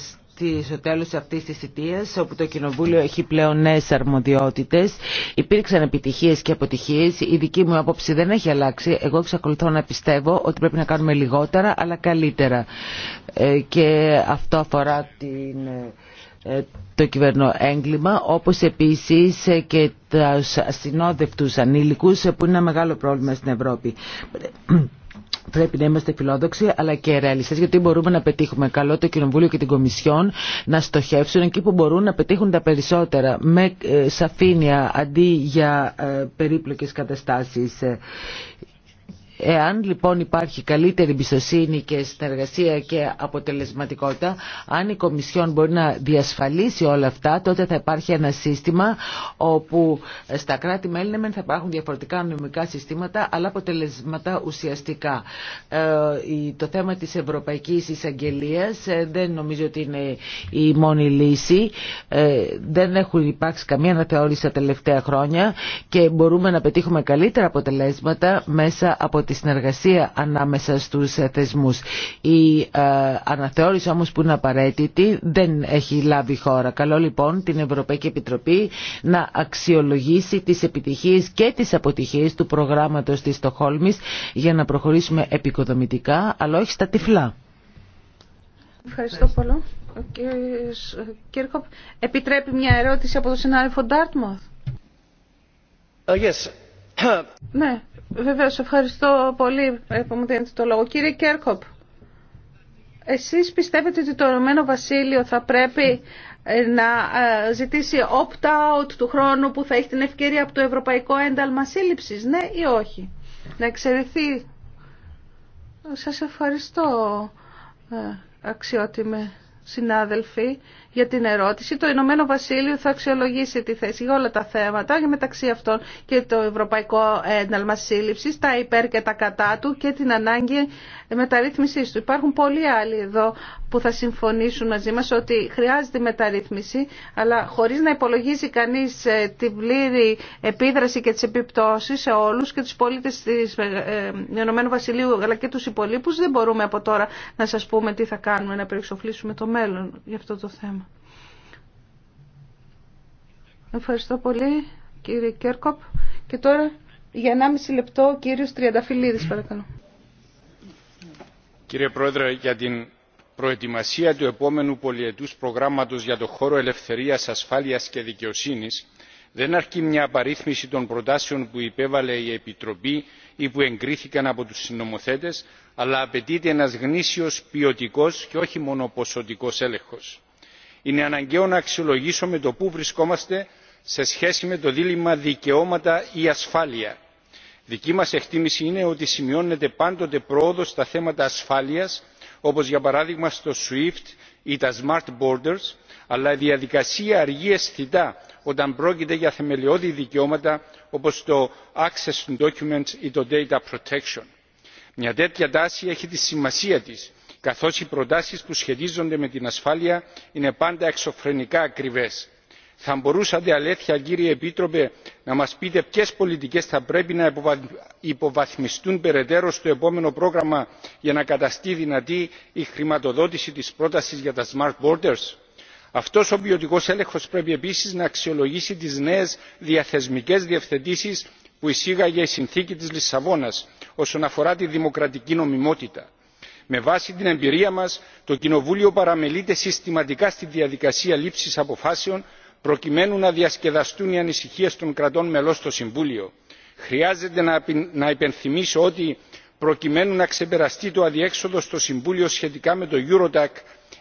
A: στο τέλος αυτής της θητείας όπου το Κοινοβούλιο έχει πλέον νέες αρμοδιότητες υπήρξαν επιτυχίες και αποτυχίες η δική μου άποψη δεν έχει αλλάξει εγώ εξακολουθώ να πιστεύω ότι πρέπει να κάνουμε λιγότερα αλλά καλύτερα ε, και αυτό αφορά την ε, ε, το κυβερνό έγκλημα, όπως επίσης ε, και τους ασυνόδευτους ανήλικους ε, που είναι ένα μεγάλο πρόβλημα στην Ευρώπη. Πρέπει να είμαστε φιλόδοξοι αλλά και ρεαλιστέ γιατί μπορούμε να πετύχουμε. Καλό το Κοινοβούλιο και την Κομισιόν να στοχεύσουν εκεί που μπορούν να πετύχουν τα περισσότερα με σαφήνεια αντί για περίπλοκες καταστάσεις. Εάν λοιπόν υπάρχει καλύτερη εμπιστοσύνη και συνεργασία και αποτελεσματικότητα, αν η Κομισιόν μπορεί να διασφαλίσει όλα αυτά, τότε θα υπάρχει ένα σύστημα όπου στα κράτη-μέλη ναι, θα υπάρχουν διαφορετικά νομικά συστήματα, αλλά αποτελεσματά ουσιαστικά. Ε, το θέμα της Ευρωπαϊκής Εισαγγελίας ε, δεν νομίζω ότι είναι η μόνη λύση. Ε, δεν έχουν υπάρξει καμία αναθεώρηση τα τελευταία χρόνια και μπορούμε να πετύχουμε καλύτερα αποτελέσματα μέσα από τη συνεργασία ανάμεσα στους ε, θεσμούς. Η ε, αναθεώρηση όμως που είναι απαραίτητη δεν έχει λάβει χώρα. Καλό λοιπόν την Ευρωπαϊκή Επιτροπή να αξιολογήσει τις επιτυχίες και τις αποτυχίες του προγράμματος της Στοχόλμης για να προχωρήσουμε επικοδομητικά αλλά όχι στα τυφλά.
B: Ευχαριστώ πολύ. Ε, επιτρέπει μια ερώτηση από τον συνάδελφο Ντάρτμοθ.
E: Oh, ναι.
B: Βεβαίως, ευχαριστώ πολύ που μου δίνετε το λόγο. Κύριε Κέρκοπ, εσείς πιστεύετε ότι το Ρωμένο Βασίλειο θα πρέπει ε, να ε, ζητήσει opt-out του χρόνου που θα έχει την ευκαιρία από το Ευρωπαϊκό Ένταλμα Σύλληψης, ναι ή όχι. Να εξαιρεθεί. Σας ευχαριστώ ε, αξιότιμε συνάδελφοι για την ερώτηση. Το Ηνωμένο Βασίλειο θα αξιολογήσει τη θέση για όλα τα θέματα και μεταξύ αυτών και το Ευρωπαϊκό Ένταλμα Σύλληψης, τα υπέρ και τα κατά του και την ανάγκη μεταρρύθμισης του. Υπάρχουν πολλοί άλλοι εδώ που θα συμφωνήσουν μαζί μας ότι χρειάζεται μεταρρύθμιση, αλλά χωρίς να υπολογίζει κανείς ε, την πλήρη επίδραση και τις επιπτώσεις σε όλους και τους πολίτες της ε, ε, Ηνωμένου Βασιλείου αλλά και τους υπολείπους, δεν μπορούμε από τώρα να σας πούμε τι θα κάνουμε, να περιεξοφλήσουμε το μέλλον για αυτό το θέμα. Ευχαριστώ πολύ κύριε Κέρκοπ. Και τώρα για 1,5 λεπτό ο κύριος Τριανταφυλλίδης παρακαλώ.
C: Κύριε Πρόεδρε, για την προετοιμασία του επόμενου πολιετούς προγράμματος για το χώρο ελευθερίας, ασφάλειας και δικαιοσύνης δεν αρκεί μια απαρίθμηση των προτάσεων που υπέβαλε η Επιτροπή ή που εγκρίθηκαν από τους συνομοθέτες, αλλά απαιτείται ένας γνήσιος ποιοτικός και όχι μόνο ποσοτικός έλεγχος είναι αναγκαίο να αξιολογήσουμε το πού βρισκόμαστε σε σχέση με το δίλημα δικαιώματα ή ασφάλεια. δική μας εκτίμηση είναι ότι σημειώνεται πάντοτε πρόοδος στα θέματα ασφάλειας όπως για παράδειγμα στο swift ή τα smart borders αλλά η διαδικασία αργεί αισθητά όταν πρόκειται για θεμελιώδη δικαιώματα όπως το access to documents ή το data protection. μια τέτοια τάση έχει τη σημασία της καθώς οι προτάσεις που σχετίζονται με την ασφάλεια είναι πάντα εξωφρενικά ακριβές. θα μπορούσατε αλήθεια κύριε επίτροπε να μας πείτε ποιες πολιτικές θα πρέπει να υποβαθμιστούν περαιτέρω στο επόμενο πρόγραμμα για να καταστεί δυνατή η χρηματοδότηση της πρότασης για τα smart borders. αυτός ο ποιοτικός έλεγχος πρέπει επίσης να αξιολογήσει τις νέες διαθεσμικές διευθετήσεις που εισήγαγε η συνθήκη της λισαβόνας όσον αφορά τη δημοκρατική νομιμότητα με βάση την εμπειρία μας το κοινοβούλιο παραμελείται συστηματικά στη διαδικασία λήψης αποφάσεων προκειμένου να διασκεδαστούν οι ανησυχίες των κρατών μελών στο συμβούλιο. χρειάζεται να υπενθυμίσω ότι προκειμένου να ξεπεραστεί το αδιέξοδο στο συμβούλιο σχετικά με το eurodac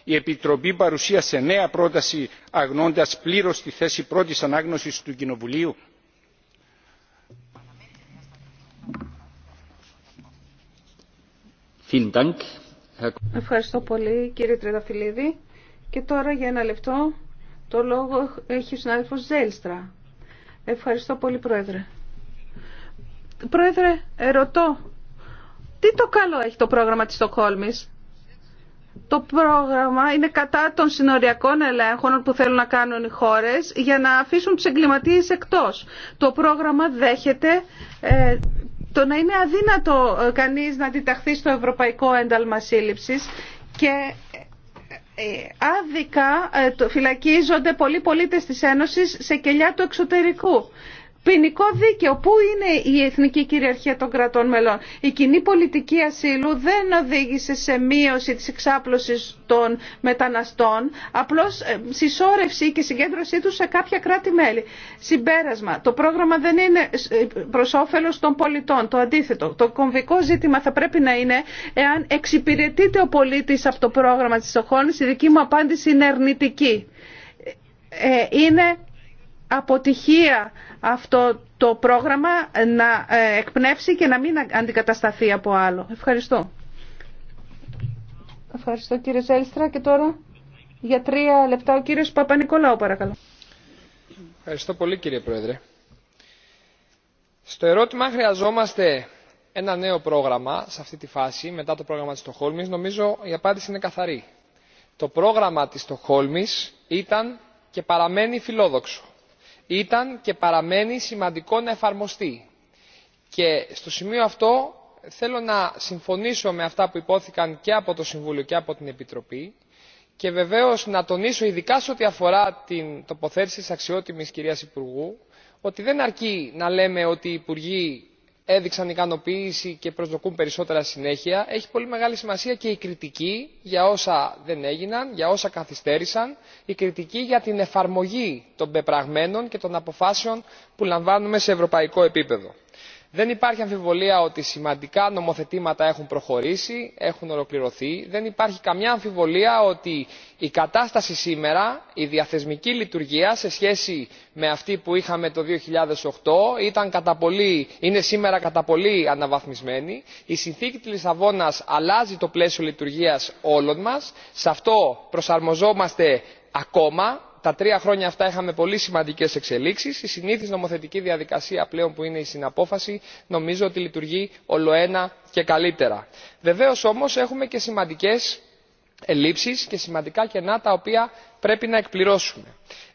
C: η επιτροπή παρουσίασε νέα πρόταση αγνοώντας πλήρως τη θέση πρώτης ανάγνωσης του κοινοβουλίου.
B: Ευχαριστώ πολύ κύριε Τρεταφυλλίδη. Και τώρα για ένα λεπτό το λόγο έχει ο συνάδελφος Ζέλστρα. Ευχαριστώ πολύ πρόεδρε. Πρόεδρε, ερωτώ, τι το καλό έχει το πρόγραμμα της Στοκχόλμης. Το πρόγραμμα είναι κατά των συνοριακών ελέγχων που θέλουν να κάνουν οι χώρες για να αφήσουν τους εγκληματίες εκτός. Το πρόγραμμα δέχεται ε, το να είναι αδύνατο ε, κανείς να αντιταχθεί στο ευρωπαϊκό ένταλμα σύλληψης και ε, ε, άδικα φυλακίζονται πολλοί πολίτες της Ένωσης σε κελιά του εξωτερικού ποινικό δίκαιο. Πού είναι η εθνική κυριαρχία των κρατών μελών. Η κοινή πολιτική ασύλου δεν οδήγησε σε μείωση της εξάπλωσης των μεταναστών, απλώς ε, συσσόρευση και συγκέντρωσή τους σε κάποια κράτη-μέλη. Συμπέρασμα, το πρόγραμμα δεν είναι ε, προς όφελος των πολιτών, το αντίθετο. Το κομβικό ζήτημα θα πρέπει να είναι εάν εξυπηρετείται ο πολίτης από το πρόγραμμα της Σοχόνης. η δική μου απάντηση είναι αρνητική. Ε, είναι αποτυχία αυτό το πρόγραμμα να ε, εκπνεύσει και να μην αντικατασταθεί από άλλο. Ευχαριστώ. Ευχαριστώ κύριε Ζέλστρα και τώρα για τρία λεπτά ο κύριος Παπα-Νικολάου παρακαλώ.
F: Ευχαριστώ πολύ κύριε Πρόεδρε. Στο ερώτημα χρειαζόμαστε ένα νέο πρόγραμμα σε αυτή τη φάση μετά το πρόγραμμα της Στοχόλμης νομίζω η απάντηση είναι καθαρή. Το πρόγραμμα της Στοχόλμης ήταν και παραμένει φιλόδοξο ήταν και παραμένει σημαντικό να εφαρμοστεί. Και στο σημείο αυτό θέλω να συμφωνήσω με αυτά που υπόθηκαν και από το Συμβούλιο και από την Επιτροπή και βεβαίως να τονίσω ειδικά σε ό,τι αφορά την τοποθέτηση της αξιότιμης κυρίας Υπουργού ότι δεν αρκεί να λέμε ότι οι Υπουργοί έδειξαν ικανοποίηση και προσδοκούν περισσότερα συνέχεια. Έχει πολύ μεγάλη σημασία και η κριτική για όσα δεν έγιναν, για όσα καθυστέρησαν, η κριτική για την εφαρμογή των πεπραγμένων και των αποφάσεων που λαμβάνουμε σε ευρωπαϊκό επίπεδο δεν υπάρχει αμφιβολία ότι σημαντικά νομοθετήματα έχουν προχωρήσει έχουν ολοκληρωθεί δεν υπάρχει καμιά αμφιβολία ότι η κατάσταση σήμερα η διαθεσμική λειτουργία σε σχέση με αυτή που είχαμε το 2008 ήταν είναι σήμερα κατά πολύ αναβαθμισμένη η συνθήκη της Λισαβόνας αλλάζει το πλαίσιο λειτουργίας όλων μας σε αυτό προσαρμοζόμαστε ακόμα τα τρία χρόνια αυτά είχαμε πολύ σημαντικές εξελίξεις. η συνήθι νομοθετική διαδικασία πλέον που είναι η συναπόφαση νομίζω ότι λειτουργεί ολοένα και καλύτερα. βεβαίως όμως έχουμε και σημαντικές ελλείψεις και σημαντικά κενά τα οποία πρέπει να εκπληρώσουμε.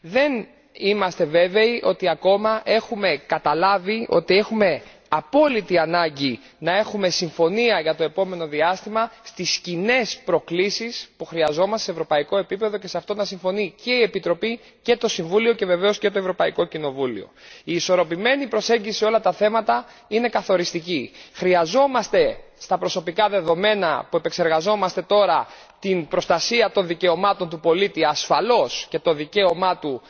F: δεν είμαστε βέβαιοι ότι ακόμα έχουμε καταλάβει ότι έχουμε απόλυτη ανάγκη να έχουμε συμφωνία για το επόμενο διάστημα στις κοινέ προκλήσεις που χρειαζόμαστε σε ευρωπαϊκό επίπεδο και σε αυτό να συμφωνεί και η επιτροπή και το συμβούλιο και βεβαίως και το ευρωπαϊκό κοινοβούλιο. η ισορροπημένη προσέγγιση σε όλα τα θέματα είναι καθοριστική. χρειαζόμαστε στα προσωπικά δεδομένα που επεξεργαζόμαστε τώρα την προστασία των δικαιωμάτων του πολίτη ασφαλώς και το δικαίωμά του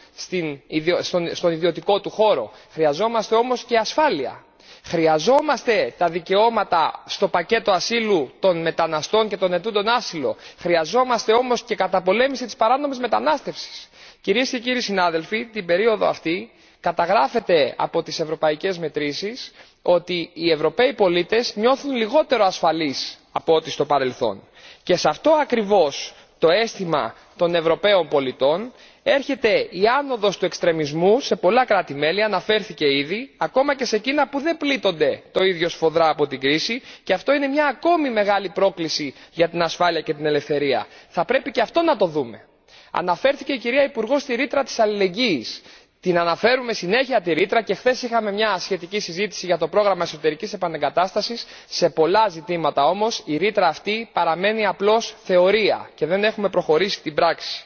F: στον ιδιωτικό του χώρο χρειαζόμαστε όμως και ασφάλεια χρειαζόμαστε τα δικαιώματα στο πακέτο ασύλου των μεταναστών και των ετούντων άσυλο χρειαζόμαστε όμως και καταπολέμηση της παράνομης μετανάστευσης. κυρίες και κύριοι συνάδελφοι την περίοδο αυτή καταγράφεται από τις ευρωπαϊκές μετρήσεις ότι οι ευρωπαίοι πολίτες νιώθουν λιγότερο ασφαλείς από ό,τι στο παρελθόν και σε αυτό ακριβώς το αίσθημα των ευρωπαίων πολιτών έρχεται η άνοδος του εξτρεμισμού σε πολλά κράτη μέλη αναφέρθηκε ήδη ακόμα και σε εκείνα που δεν πλήττονται το ίδιο σφοδρά από την κρίση και αυτό είναι μια ακόμη μεγάλη πρόκληση για την ασφάλεια και την ελευθερία. θα πρέπει και αυτό να το δούμε. αναφέρθηκε η κυρία υπουργό στη ρήτρα της αλληλεγγύης. την αναφέρουμε συνέχεια τη ρήτρα και χθε είχαμε μια σχετική συζήτηση για το πρόγραμμα εσωτερικής επανεγκατάστασης. σε πολλά ζητήματα όμω, η ρήτρα αυτή παραμένει απλώ θεωρία και δεν έχουμε προχωρήσει στην πράξη.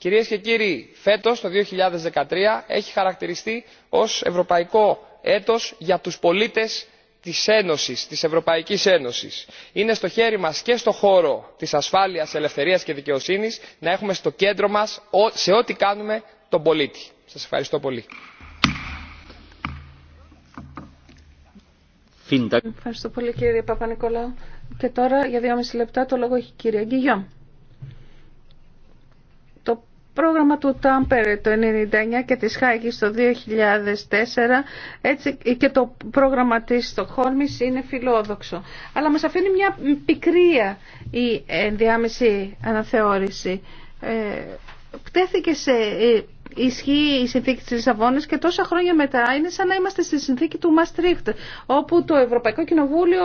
F: Κυρίες και κύριοι, φέτος το 2013 έχει χαρακτηριστεί ως ευρωπαϊκό έτος για τους πολίτες της Ένωσης, της Ευρωπαϊκής Ένωσης. Είναι στο χέρι μας και στο χώρο της ασφάλειας, ελευθερίας και δικαιοσύνης να έχουμε στο κέντρο μας σε ό,τι κάνουμε τον πολίτη. Σας ευχαριστώ πολύ.
B: Ευχαριστώ πολύ κύριε Παπα-Νικολάου. Και τώρα για μισή λεπτά το λόγο έχει η κυρία Γκυγιόμ. Το πρόγραμμα του Τάμπερ το 1999 και της Χάγης το 2004 έτσι, και το πρόγραμμα της Στοκχόλμης είναι φιλόδοξο. Αλλά μας αφήνει μια πικρία η ενδιάμεση αναθεώρηση. Ε, πτέθηκε σε ε, ισχύ η συνθήκη της Λισαβόνης και τόσα χρόνια μετά είναι σαν να είμαστε στη συνθήκη του Μαστρίχτ όπου το Ευρωπαϊκό Κοινοβούλιο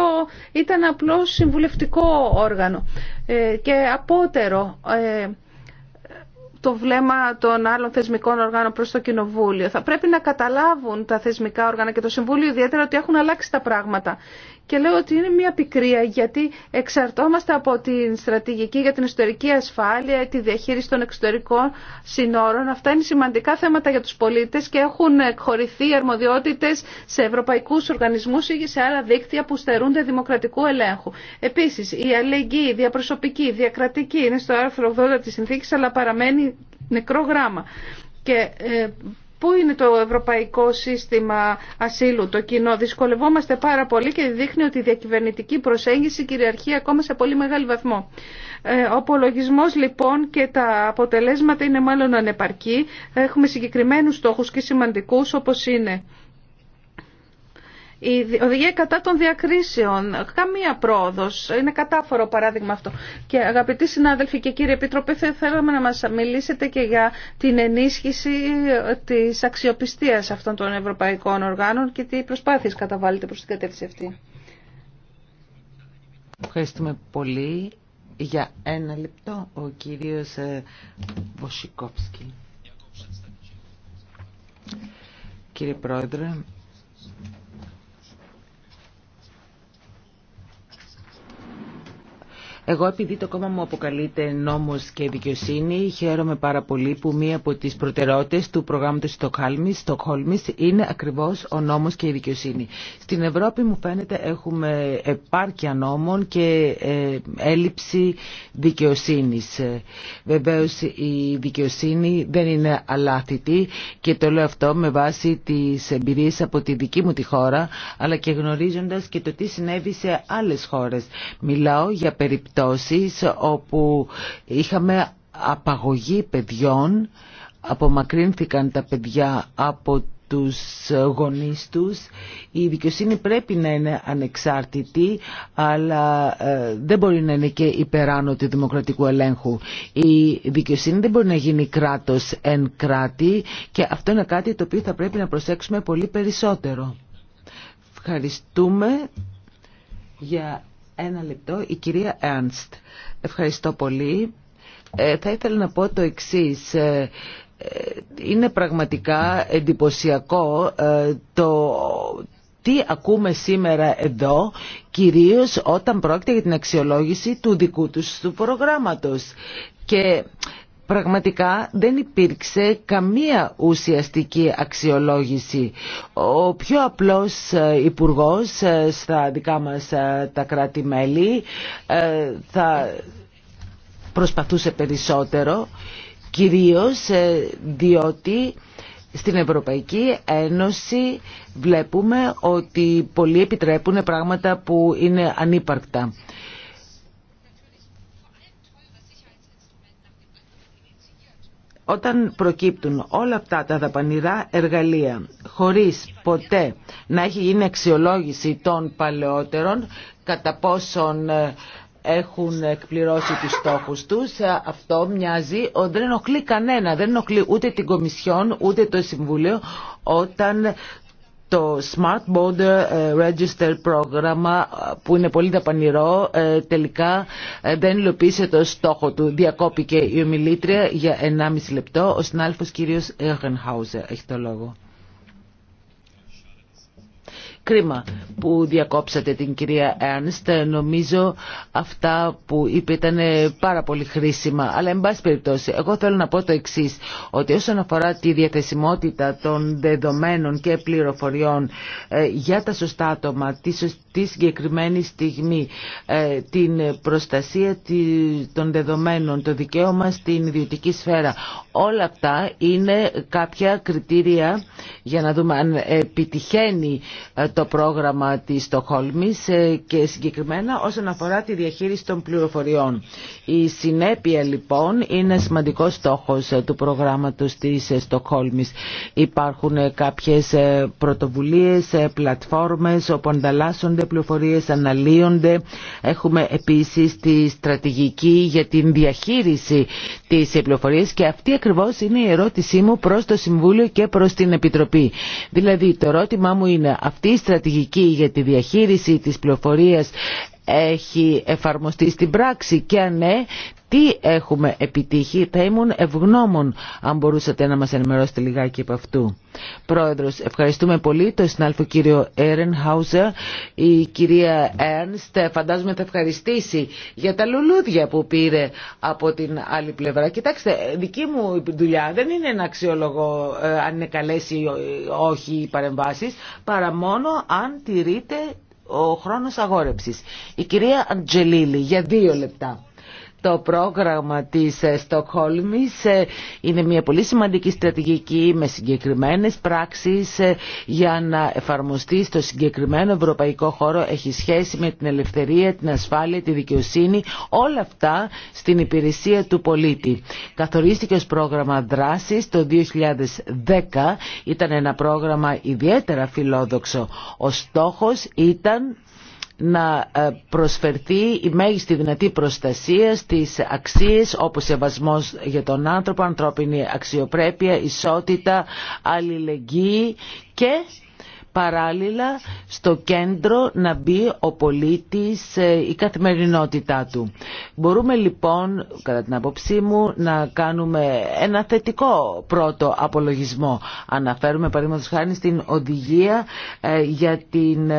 B: ήταν απλώς συμβουλευτικό όργανο ε, και απότερο ε, το βλέμμα των άλλων θεσμικών οργάνων προς το Κοινοβούλιο. Θα πρέπει να καταλάβουν τα θεσμικά όργανα και το Συμβούλιο ιδιαίτερα ότι έχουν αλλάξει τα πράγματα. Και λέω ότι είναι μια πικρία γιατί εξαρτώμαστε από την στρατηγική για την ιστορική ασφάλεια, τη διαχείριση των εξωτερικών συνόρων. Αυτά είναι σημαντικά θέματα για τους πολίτες και έχουν εκχωρηθεί αρμοδιότητες σε ευρωπαϊκούς οργανισμούς ή σε άλλα δίκτυα που στερούνται δημοκρατικού ελέγχου. Επίσης, η αλληλεγγύη, η αλληλεγγυη διακρατική είναι στο άρθρο 80 της συνθήκης αλλά παραμένει νεκρό γράμμα. Ε, Πού είναι το ευρωπαϊκό σύστημα ασύλου, το κοινό. Δυσκολευόμαστε πάρα πολύ και δείχνει ότι η διακυβερνητική προσέγγιση κυριαρχεί ακόμα σε πολύ μεγάλο βαθμό. Ε, ο απολογισμό λοιπόν και τα αποτελέσματα είναι μάλλον ανεπαρκή. Έχουμε συγκεκριμένους στόχου και σημαντικούς όπως είναι η οδηγία κατά των διακρίσεων, καμία πρόοδος, είναι κατάφορο παράδειγμα αυτό. Και αγαπητοί συνάδελφοι και κύριε Επίτροπε, θέλαμε να μας μιλήσετε και για την ενίσχυση ε, της αξιοπιστίας αυτών των ευρωπαϊκών οργάνων και τι προσπάθειες καταβάλλετε προς την κατεύθυνση αυτή.
A: Ευχαριστούμε πολύ. Για ένα λεπτό, ο κύριος ε, Βοσικόψκι. Κύριε Πρόεδρε, Εγώ επειδή το κόμμα μου αποκαλείται νόμος και δικαιοσύνη χαίρομαι πάρα πολύ που μία από τις προτεραιότητες του προγράμματος Στοκχόλμης, Στοκχόλμης είναι ακριβώς ο νόμος και η δικαιοσύνη. Στην Ευρώπη μου φαίνεται έχουμε επάρκεια νόμων και ε, έλλειψη δικαιοσύνης. Βεβαίως η δικαιοσύνη δεν είναι αλάθητη και το λέω αυτό με βάση τις εμπειρίες από τη δική μου τη χώρα αλλά και γνωρίζοντας και το τι συνέβη σε άλλες χώρες. Μιλάω για περιπτώσεις περιπτώσεις όπου είχαμε απαγωγή παιδιών, απομακρύνθηκαν τα παιδιά από τους γονείς τους. Η δικαιοσύνη πρέπει να είναι ανεξάρτητη, αλλά ε, δεν μπορεί να είναι και υπεράνω του δημοκρατικού ελέγχου. Η δικαιοσύνη δεν μπορεί να γίνει κράτος εν κράτη και αυτό είναι κάτι το οποίο θα πρέπει να προσέξουμε πολύ περισσότερο. Ευχαριστούμε για ένα λεπτό, η κυρία Έρνστ. Ευχαριστώ πολύ. Ε, θα ήθελα να πω το εξής. Ε, ε, είναι πραγματικά εντυπωσιακό το τι ακούμε σήμερα εδώ, κυρίως όταν πρόκειται για την αξιολόγηση του δικού τους του προγράμματος. Και πραγματικά δεν υπήρξε καμία ουσιαστική αξιολόγηση. Ο πιο απλός ε, υπουργός ε, στα δικά μας ε, τα κράτη-μέλη θα προσπαθούσε περισσότερο, κυρίως διότι στην Ευρωπαϊκή Ένωση βλέπουμε ότι πολλοί επιτρέπουν πράγματα που είναι ανύπαρκτα. Όταν προκύπτουν όλα αυτά τα δαπανηρά εργαλεία χωρίς ποτέ να έχει γίνει αξιολόγηση των παλαιότερων κατά πόσον ε, έχουν εκπληρώσει τους στόχους τους. Ε, αυτό μοιάζει ότι δεν ενοχλεί κανένα, δεν ενοχλεί ούτε την Κομισιόν ούτε το Συμβούλιο όταν το Smart Border ε, Register πρόγραμμα ε, που είναι πολύ δαπανηρό ε, τελικά δεν υλοποίησε το στόχο του. Διακόπηκε η ομιλήτρια για 1,5 λεπτό. Ο συνάλφος κύριος Εγενχάουζε έχει το λόγο. Κρίμα που διακόψατε την κυρία Έρνστ. Νομίζω αυτά που είπε ήταν πάρα πολύ χρήσιμα. Αλλά, εν πάση περιπτώσει, εγώ θέλω να πω το εξή, ότι όσον αφορά τη διαθεσιμότητα των δεδομένων και πληροφοριών ε, για τα σωστά άτομα, τη συγκεκριμένη στιγμή, ε, την προστασία των δεδομένων, το δικαίωμα στην ιδιωτική σφαίρα. Όλα αυτά είναι κάποια κριτήρια για να δούμε αν επιτυχαίνει ε, το πρόγραμμα της Στοχόλμης ε, και συγκεκριμένα όσον αφορά τη διαχείριση των πληροφοριών. Η συνέπεια λοιπόν είναι σημαντικός στόχος του προγράμματος της Στοχόλμης. Υπάρχουν κάποιες πρωτοβουλίες, πλατφόρμες όπου ανταλλάσσονται οι πληροφορίε αναλύονται. Έχουμε επίσης τη στρατηγική για την διαχείριση της πληροφορία και αυτή ακριβώς είναι η ερώτησή μου προς το Συμβούλιο και προς την Επιτροπή. Δηλαδή το ερώτημά μου είναι αυτή η στρατηγική για τη διαχείριση της πληροφορίας έχει εφαρμοστεί στην πράξη και αν ναι, τι έχουμε επιτύχει. Θα ήμουν ευγνώμων αν μπορούσατε να μας ενημερώσετε λιγάκι από αυτού. Πρόεδρος, ευχαριστούμε πολύ τον συνάλφο κύριο Χάουζερ, Η κυρία Έρνστ ε, φαντάζομαι θα ευχαριστήσει για τα λουλούδια που πήρε από την άλλη πλευρά. Κοιτάξτε, ε, δική μου δουλειά δεν είναι ένα αξιόλογο ε, αν είναι καλές ή ε, όχι οι παρεμβάσεις, παρά μόνο αν τηρείται ο χρόνος αγόρευσης. Η κυρία Αντζελίλη για δύο λεπτά. Το πρόγραμμα της ε, Στοκχόλμης ε, είναι μια πολύ σημαντική στρατηγική με συγκεκριμένες πράξεις ε, για να εφαρμοστεί στο συγκεκριμένο ευρωπαϊκό χώρο. Έχει σχέση με την ελευθερία, την ασφάλεια, τη δικαιοσύνη, όλα αυτά στην υπηρεσία του πολίτη. Καθορίστηκε ως πρόγραμμα δράσης το 2010. Ήταν ένα πρόγραμμα ιδιαίτερα φιλόδοξο. Ο στόχος ήταν να ε, προσφερθεί η μέγιστη δυνατή προστασία στις αξίες όπως σεβασμός για τον άνθρωπο, ανθρώπινη αξιοπρέπεια, ισότητα, αλληλεγγύη και παράλληλα στο κέντρο να μπει ο πολίτης ε, η καθημερινότητά του. Μπορούμε λοιπόν, κατά την απόψή μου, να κάνουμε ένα θετικό πρώτο απολογισμό. Αναφέρουμε παραδείγματος χάρη στην οδηγία ε, για την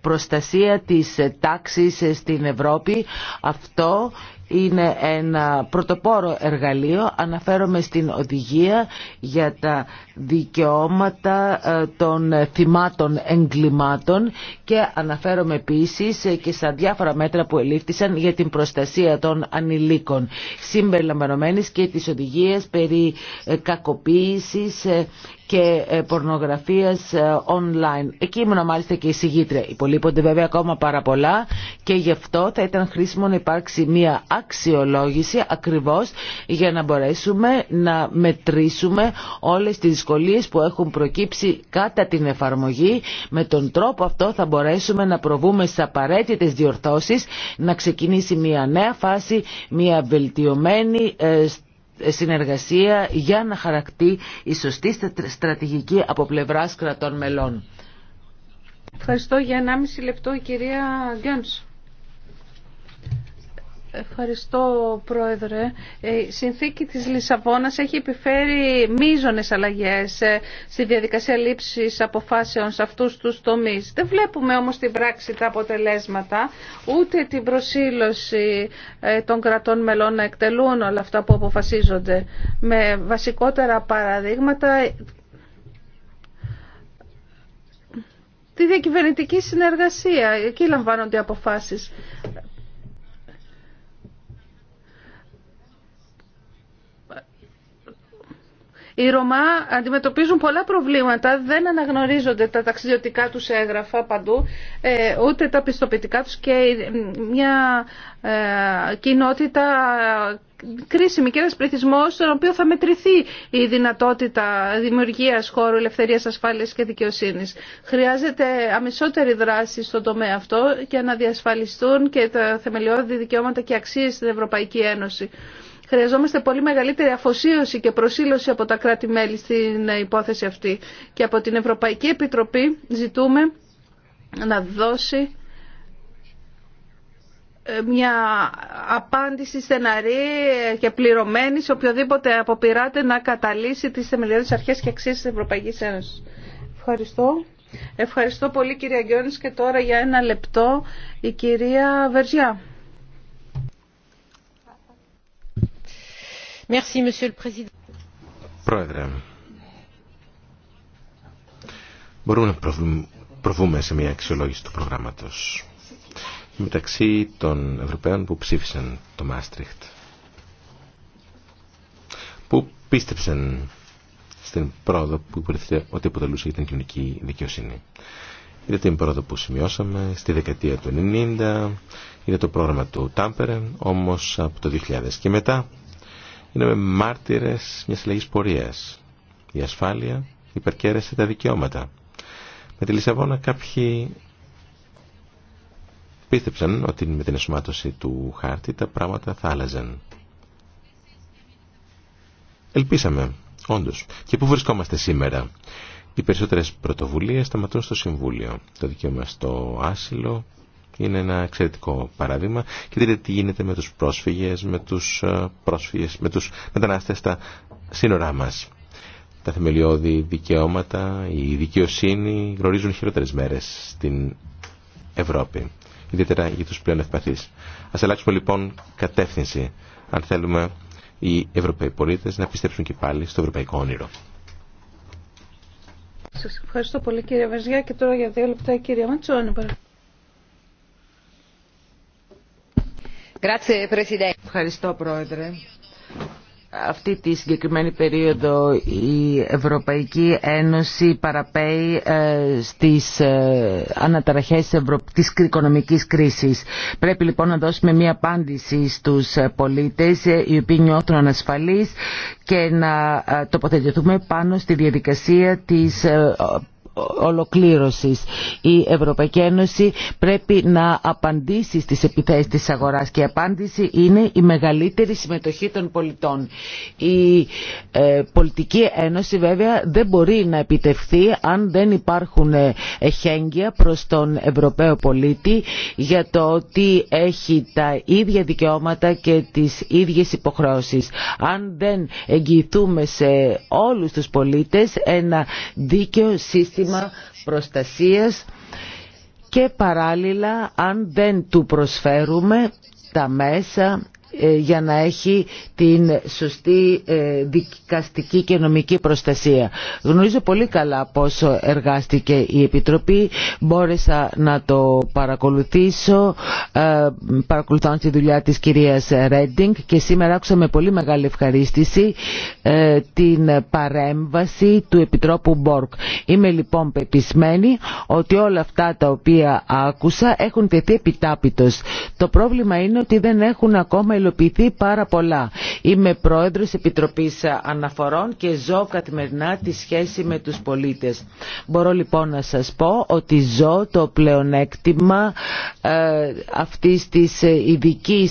A: προστασία της τάξης στην Ευρώπη. Αυτό είναι ένα πρωτοπόρο εργαλείο. Αναφέρομαι στην οδηγία για τα δικαιώματα ε, των θυμάτων εγκλημάτων και αναφέρομαι επίσης ε, και στα διάφορα μέτρα που ελήφθησαν για την προστασία των ανηλίκων συμπεριλαμβανομένης και της οδηγίες περί ε, κακοποίησης και ε, πορνογραφίας ε, online. Εκεί ήμουν μάλιστα και η εισηγήτρια. Υπολείπονται βέβαια ακόμα πάρα πολλά και γι' αυτό θα ήταν χρήσιμο να υπάρξει μια αξιολόγηση ακριβώς για να μπορέσουμε να μετρήσουμε όλες τις δυσκολίες που έχουν προκύψει κατά την εφαρμογή. Με τον τρόπο αυτό θα μπορέσουμε να προβούμε στι απαραίτητες διορθώσεις, να ξεκινήσει μια νέα φάση, μια βελτιωμένη ε, συνεργασία για να χαρακτεί η σωστή στρατηγική από πλευράς κρατών μελών.
B: Ευχαριστώ για 1,5 λεπτό η κυρία Γκέμψ. Ευχαριστώ, Πρόεδρε. Ε, η συνθήκη της Λισαβόνας έχει επιφέρει μείζονες αλλαγές ε, στη διαδικασία λήψης αποφάσεων σε αυτούς τους τομείς. Δεν βλέπουμε όμως την πράξη τα αποτελέσματα, ούτε την προσήλωση ε, των κρατών μελών να εκτελούν όλα αυτά που αποφασίζονται. Με βασικότερα παραδείγματα τη διακυβερνητική συνεργασία. Εκεί λαμβάνονται αποφάσεις. Οι Ρωμά αντιμετωπίζουν πολλά προβλήματα, δεν αναγνωρίζονται τα ταξιδιωτικά τους έγγραφα παντού, ε, ούτε τα πιστοποιητικά τους και μια ε, κοινότητα κρίσιμη και ένας πληθυσμός στον οποίο θα μετρηθεί η δυνατότητα δημιουργίας χώρου ελευθερίας, ασφάλειας και δικαιοσύνης. Χρειάζεται αμεσότερη δράση στον τομέα αυτό και να διασφαλιστούν και τα θεμελιώδη δικαιώματα και αξίες στην Ευρωπαϊκή Ένωση. Χρειαζόμαστε πολύ μεγαλύτερη αφοσίωση και προσήλωση από τα κράτη-μέλη στην υπόθεση αυτή. Και από την Ευρωπαϊκή Επιτροπή ζητούμε να δώσει ε, μια απάντηση στεναρή και πληρωμένη σε οποιοδήποτε αποπειράται να καταλύσει τις θεμελιώδεις αρχές και αξίες της Ευρωπαϊκής Ένωσης. Ευχαριστώ. Ευχαριστώ πολύ κυρία Γκιόνης και τώρα για ένα λεπτό η κυρία Βερζιά.
D: Πρόεδρε, μπορούμε να προβούμε σε μια αξιολόγηση του προγράμματο μεταξύ των Ευρωπαίων που ψήφισαν το Μάστριχτ που πίστεψαν στην πρόοδο που υποτίθεται ότι αποτελούσε για την κοινωνική δικαιοσύνη. Είδα την πρόοδο που σημειώσαμε στη δεκαετία του 90, είδα το πρόγραμμα του Τάμπερεν, όμως από το 2000 και μετά είναι μάρτυρες μιας συλλογής πορείας. Η ασφάλεια υπερκέρεσε τα δικαιώματα. Με τη Λισαβόνα κάποιοι πίστεψαν ότι με την εσωμάτωση του χάρτη τα πράγματα θα άλλαζαν. Ελπίσαμε, όντως. Και πού βρισκόμαστε σήμερα. Οι περισσότερες πρωτοβουλίες σταματούν στο Συμβούλιο. Το δικαίωμα στο άσυλο, είναι ένα εξαιρετικό παράδειγμα και δείτε τι γίνεται με τους πρόσφυγες, με τους ε, πρόσφυγες, με τους μετανάστες στα σύνορά μας. Τα θεμελιώδη δικαιώματα, η δικαιοσύνη γνωρίζουν χειρότερες μέρες στην Ευρώπη, ιδιαίτερα για τους πλέον ευπαθείς. Ας αλλάξουμε λοιπόν κατεύθυνση, αν θέλουμε οι Ευρωπαίοι πολίτες να πιστέψουν και πάλι στο ευρωπαϊκό όνειρο. Σας
B: ευχαριστώ πολύ κύριε Βαζιά και τώρα για δύο λεπτά κύριε Ματσόνη.
A: Ευχαριστώ Πρόεδρε. Αυτή τη συγκεκριμένη περίοδο η Ευρωπαϊκή Ένωση παραπέει ε, στις ε, αναταραχές της οικονομικής κρίσης. Πρέπει λοιπόν να δώσουμε μία απάντηση στους ε, πολίτες οι οποίοι νιώθουν ανασφαλείς και να τοποθετηθούμε πάνω στη διαδικασία της ολοκλήρωσης. Η Ευρωπαϊκή Ένωση πρέπει να απαντήσει στις επιθέσεις της αγοράς και η απάντηση είναι η μεγαλύτερη συμμετοχή των πολιτών. Η ε, πολιτική ένωση βέβαια δεν μπορεί να επιτευχθεί αν δεν υπάρχουν ε, εχέγγυα προς τον Ευρωπαίο πολίτη για το ότι έχει τα ίδια δικαιώματα και τις ίδιες υποχρεώσεις. Αν δεν εγγυηθούμε σε όλους τους πολίτες ένα δίκαιο σύστημα προστασίες προστασίας και παράλληλα αν δεν του προσφέρουμε τα μέσα ε, για να έχει την σωστή ε, δικαστική και νομική προστασία. Γνωρίζω πολύ καλά πόσο εργάστηκε η Επιτροπή, μπόρεσα να το παρακολουθήσω, ε, παρακολουθώντας τη δουλειά της κυρίας Ρέντινγκ και σήμερα άκουσα με πολύ μεγάλη ευχαρίστηση την παρέμβαση του Επιτρόπου Μπόρκ. Είμαι λοιπόν πεπισμένη ότι όλα αυτά τα οποία άκουσα έχουν τεθεί επιτάπητος. Το πρόβλημα είναι ότι δεν έχουν ακόμα υλοποιηθεί πάρα πολλά. Είμαι πρόεδρος Επιτροπής Αναφορών και ζω καθημερινά τη σχέση με τους πολίτες. Μπορώ λοιπόν να σας πω ότι ζω το πλεονέκτημα ε, αυτής της ειδική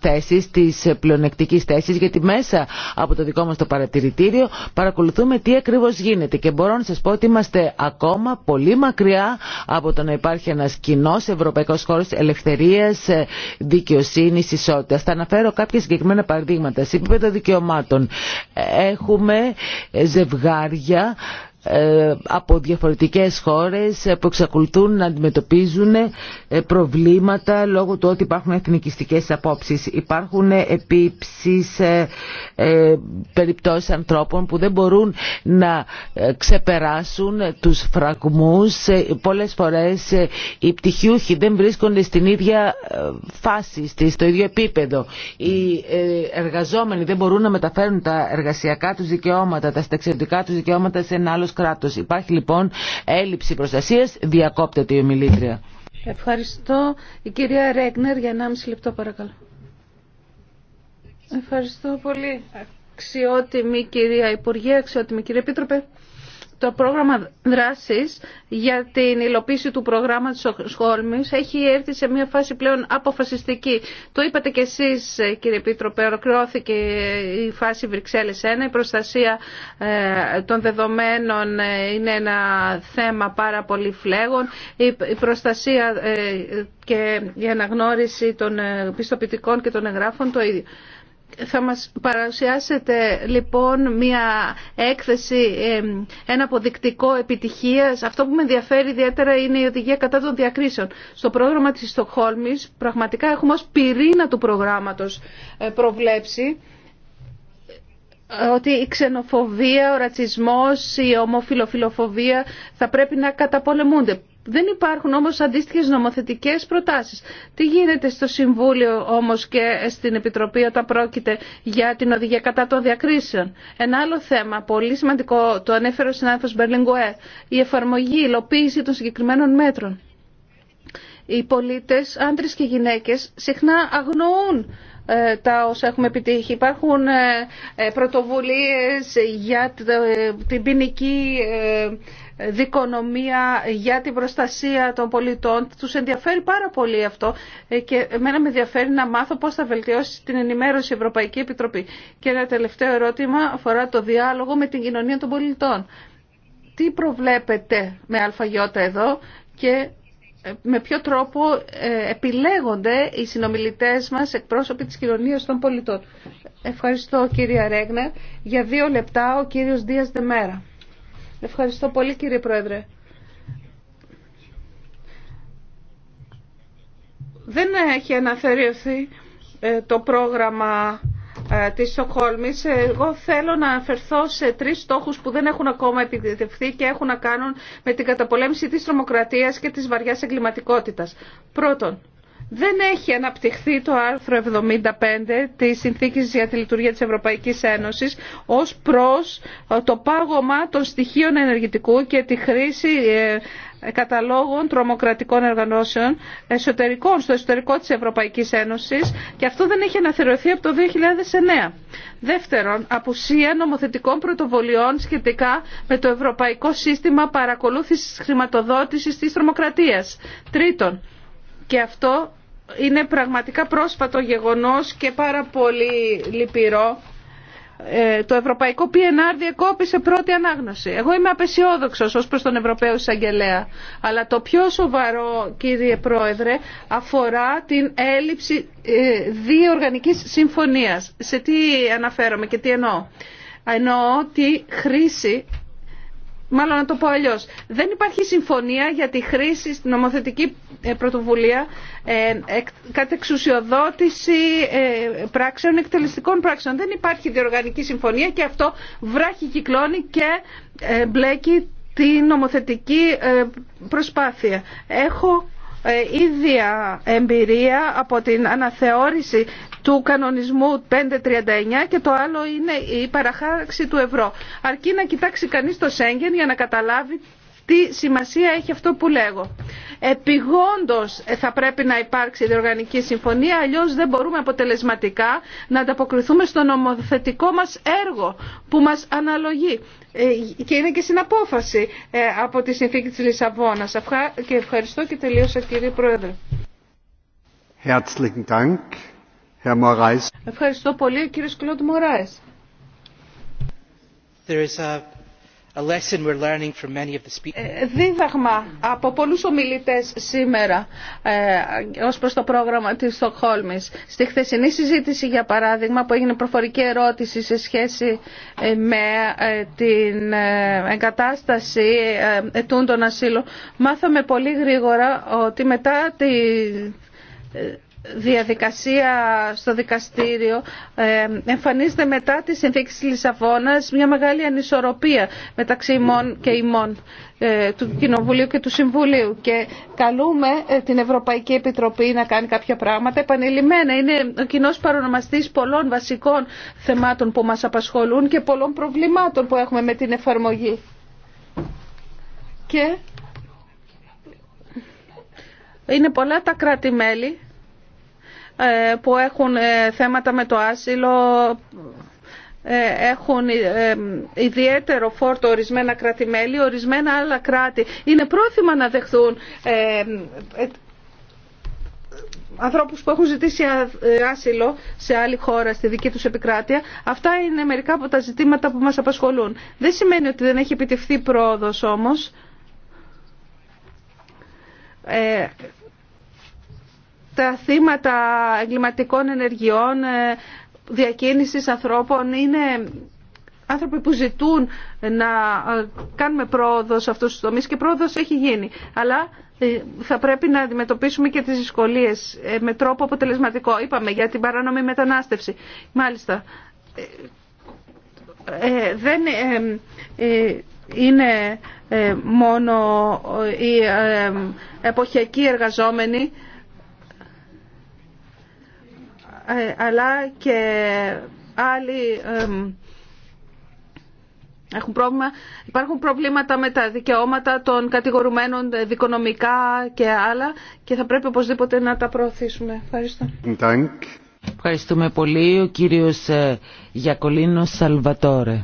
A: θέσης, της πλεονεκτικής θέσης, γιατί μέσα από το δικό μας το παρατηρητήριο παρακολουθούμε τι ακριβώς γίνεται και μπορώ να σας πω ότι είμαστε ακόμα πολύ μακριά από το να υπάρχει ένας κοινός ευρωπαϊκός χώρος ελευθερίας, ε, δικαιοσύνης, ισότητα αναφέρω κάποια συγκεκριμένα παραδείγματα. Σε επίπεδο δικαιωμάτων έχουμε ζευγάρια ε, από διαφορετικές χώρες που εξακολουθούν να αντιμετωπίζουν ε, προβλήματα λόγω του ότι υπάρχουν εθνικιστικές απόψεις. Υπάρχουν ε, επίψεις περιπτώσεις ανθρώπων που δεν μπορούν να ξεπεράσουν τους φραγμούς. Πολλές φορές οι πτυχιούχοι δεν βρίσκονται στην ίδια φάση, στο ίδιο επίπεδο. Οι εργαζόμενοι δεν μπορούν να μεταφέρουν τα εργασιακά τους δικαιώματα, τα στεξιωτικά τους δικαιώματα σε ένα άλλο κράτος. Υπάρχει λοιπόν έλλειψη προστασίας, διακόπτεται η ομιλήτρια.
B: Ευχαριστώ. Η κυρία Ρέγνερ για 1,5 λεπτό παρακαλώ. Ευχαριστώ πολύ. Αξιότιμη κυρία Υπουργέ, αξιότιμη κυρία Επίτροπε. Το πρόγραμμα δράσης για την υλοποίηση του προγράμματος Σχόλμη έχει έρθει σε μια φάση πλέον αποφασιστική. Το είπατε κι εσείς κύριε Πίτρο, ολοκληρώθηκε η φάση Βρυξέλλε 1. Η προστασία ε, των δεδομένων ε, είναι ένα θέμα πάρα πολύ φλέγων. Η προστασία ε, και η αναγνώριση των πιστοποιητικών και των εγγράφων το ίδιο. Θα μας παρουσιάσετε λοιπόν μια έκθεση, ένα αποδεικτικό επιτυχίας. Αυτό που με ενδιαφέρει ιδιαίτερα είναι η οδηγία κατά των διακρίσεων. Στο πρόγραμμα της Στοχόλμης πραγματικά έχουμε ως πυρήνα του προγράμματος ε, προβλέψει ότι η ξενοφοβία, ο ρατσισμός, η ομοφιλοφιλοφοβία θα πρέπει να καταπολεμούνται. Δεν υπάρχουν όμως αντίστοιχες νομοθετικές προτάσεις. Τι γίνεται στο Συμβούλιο όμως και στην Επιτροπή όταν πρόκειται για την οδηγία κατά των διακρίσεων. Ένα άλλο θέμα, πολύ σημαντικό, το ανέφερε ο συνάδελφος Μπερλιγκουέ, η εφαρμογή, η υλοποίηση των συγκεκριμένων μέτρων. Οι πολίτες, άντρες και γυναίκες, συχνά αγνοούν ε, τα όσα έχουμε επιτύχει. Υπάρχουν ε, ε, πρωτοβουλίες για την ποινική δικονομία για την προστασία των πολιτών. Τους ενδιαφέρει πάρα πολύ αυτό και εμένα με ενδιαφέρει να μάθω πώς θα βελτιώσει την ενημέρωση η Ευρωπαϊκή Επιτροπή. Και ένα τελευταίο ερώτημα αφορά το διάλογο με την κοινωνία των πολιτών. Τι προβλέπετε με αλφαγιώτα εδώ και με ποιο τρόπο ε, επιλέγονται οι συνομιλητές μας εκπρόσωποι της κοινωνίας των πολιτών. Ευχαριστώ κυρία Ρέγνερ. Για δύο λεπτά ο κύριος Δίας Δεμέρα. Ευχαριστώ πολύ κύριε Πρόεδρε. Δεν έχει αναθεωρηθεί ε, το πρόγραμμα ε, της Στοκχόλμης. Εγώ θέλω να αναφερθώ σε τρεις στόχους που δεν έχουν ακόμα επιτευχθεί και έχουν να κάνουν με την καταπολέμηση της τρομοκρατίας και της βαριάς εγκληματικότητας. Πρώτον, δεν έχει αναπτυχθεί το άρθρο 75 της Συνθήκης για τη Λειτουργία της Ευρωπαϊκής Ένωσης ως προς ε, το πάγωμα των στοιχείων ενεργητικού και τη χρήση ε, καταλόγων τρομοκρατικών οργανώσεων εσωτερικών στο εσωτερικό της Ευρωπαϊκής Ένωσης και αυτό δεν έχει αναθεωρηθεί από το 2009. Δεύτερον, απουσία νομοθετικών πρωτοβολιών σχετικά με το Ευρωπαϊκό Σύστημα Παρακολούθησης Χρηματοδότησης της Τρομοκρατίας. Τρίτον, και αυτό είναι πραγματικά πρόσφατο γεγονός και πάρα πολύ λυπηρό. Ε, το Ευρωπαϊκό PNR διακόπησε πρώτη ανάγνωση. Εγώ είμαι απεσιόδοξος ως προς τον Ευρωπαίο Εισαγγελέα. Αλλά το πιο σοβαρό, κύριε Πρόεδρε, αφορά την έλλειψη ε, διοργανικής συμφωνίας. Σε τι αναφέρομαι και τι εννοώ. Εννοώ τη χρήση Μάλλον να το πω αλλιώ. Δεν υπάρχει συμφωνία για τη χρήση στην νομοθετική ε, πρωτοβουλία ε, κατ' εξουσιοδότηση ε, πράξεων, εκτελεστικών πράξεων. Δεν υπάρχει διοργανική συμφωνία και αυτό βράχει κυκλώνει και ε, μπλέκει τη νομοθετική ε, προσπάθεια. Έχω ίδια εμπειρία από την αναθεώρηση του κανονισμού 539 και το άλλο είναι η παραχάραξη του ευρώ. Αρκεί να κοιτάξει κανείς το Σέγγεν για να καταλάβει τι σημασία έχει αυτό που λέγω. Επιγόντως ε, θα πρέπει να υπάρξει διοργανική συμφωνία, αλλιώς δεν μπορούμε αποτελεσματικά να ανταποκριθούμε στο νομοθετικό μας έργο που μας αναλογεί. Ε, και είναι και συναπόφαση ε, από τη συνθήκη της Λισαβόνας. Και ευχαριστώ και τελείωσα κύριε Πρόεδρε. Ευχαριστώ πολύ, κύριε Σκλοντ Μωράες. Δίδαγμα από πολλούς ομιλητές σήμερα ε, ως προς το πρόγραμμα της Στοκχόλμης. Στη χθεσινή συζήτηση, για παράδειγμα, που έγινε προφορική ερώτηση σε σχέση ε, με ε, την εγκατάσταση ετούντων ασύλων, μάθαμε πολύ γρήγορα ότι μετά τη διαδικασία στο δικαστήριο ε, εμφανίζεται μετά τη συνθήκη της Λισαβόνας μια μεγάλη ανισορροπία μεταξύ ημών και ημών ε, του Κοινοβουλίου και του Συμβουλίου και καλούμε ε, την Ευρωπαϊκή Επιτροπή να κάνει κάποια πράγματα επανειλημμένα. Είναι ο κοινός παρονομαστής πολλών βασικών θεμάτων που μας απασχολούν και πολλών προβλημάτων που έχουμε με την εφαρμογή. Και είναι πολλά τα κράτη-μέλη ε, που έχουν ε, θέματα με το άσυλο ε, έχουν ιδιαίτερο φόρτο ορισμένα ορισμένα άλλα κράτη είναι πρόθυμα να δεχθούν ανθρώπους που έχουν ζητήσει άσυλο σε άλλη χώρα, στη δική τους επικράτεια. Αυτά είναι μερικά από τα ζητήματα που μας απασχολούν. Δεν σημαίνει ότι δεν έχει επιτευχθεί πρόοδος όμως τα θύματα εγκληματικών ενεργειών, ε, διακίνησης ανθρώπων είναι άνθρωποι που ζητούν να ε, κάνουμε πρόοδο σε αυτούς τους τομείς και πρόοδο έχει γίνει. Αλλά ε, θα πρέπει να αντιμετωπίσουμε και τις δυσκολίες με τρόπο αποτελεσματικό. Είπαμε για την παράνομη μετανάστευση. Μάλιστα, δεν είναι μόνο οι εποχιακοί εργαζόμενοι ε, αλλά και άλλοι έχουν πρόβλημα. Υπάρχουν προβλήματα με τα δικαιώματα των κατηγορουμένων δικονομικά και άλλα και θα πρέπει οπωσδήποτε να τα προωθήσουμε. Ευχαριστώ.
A: Ευχαριστούμε πολύ. Ο κύριος ε, Γιακολίνος Σαλβατόρε.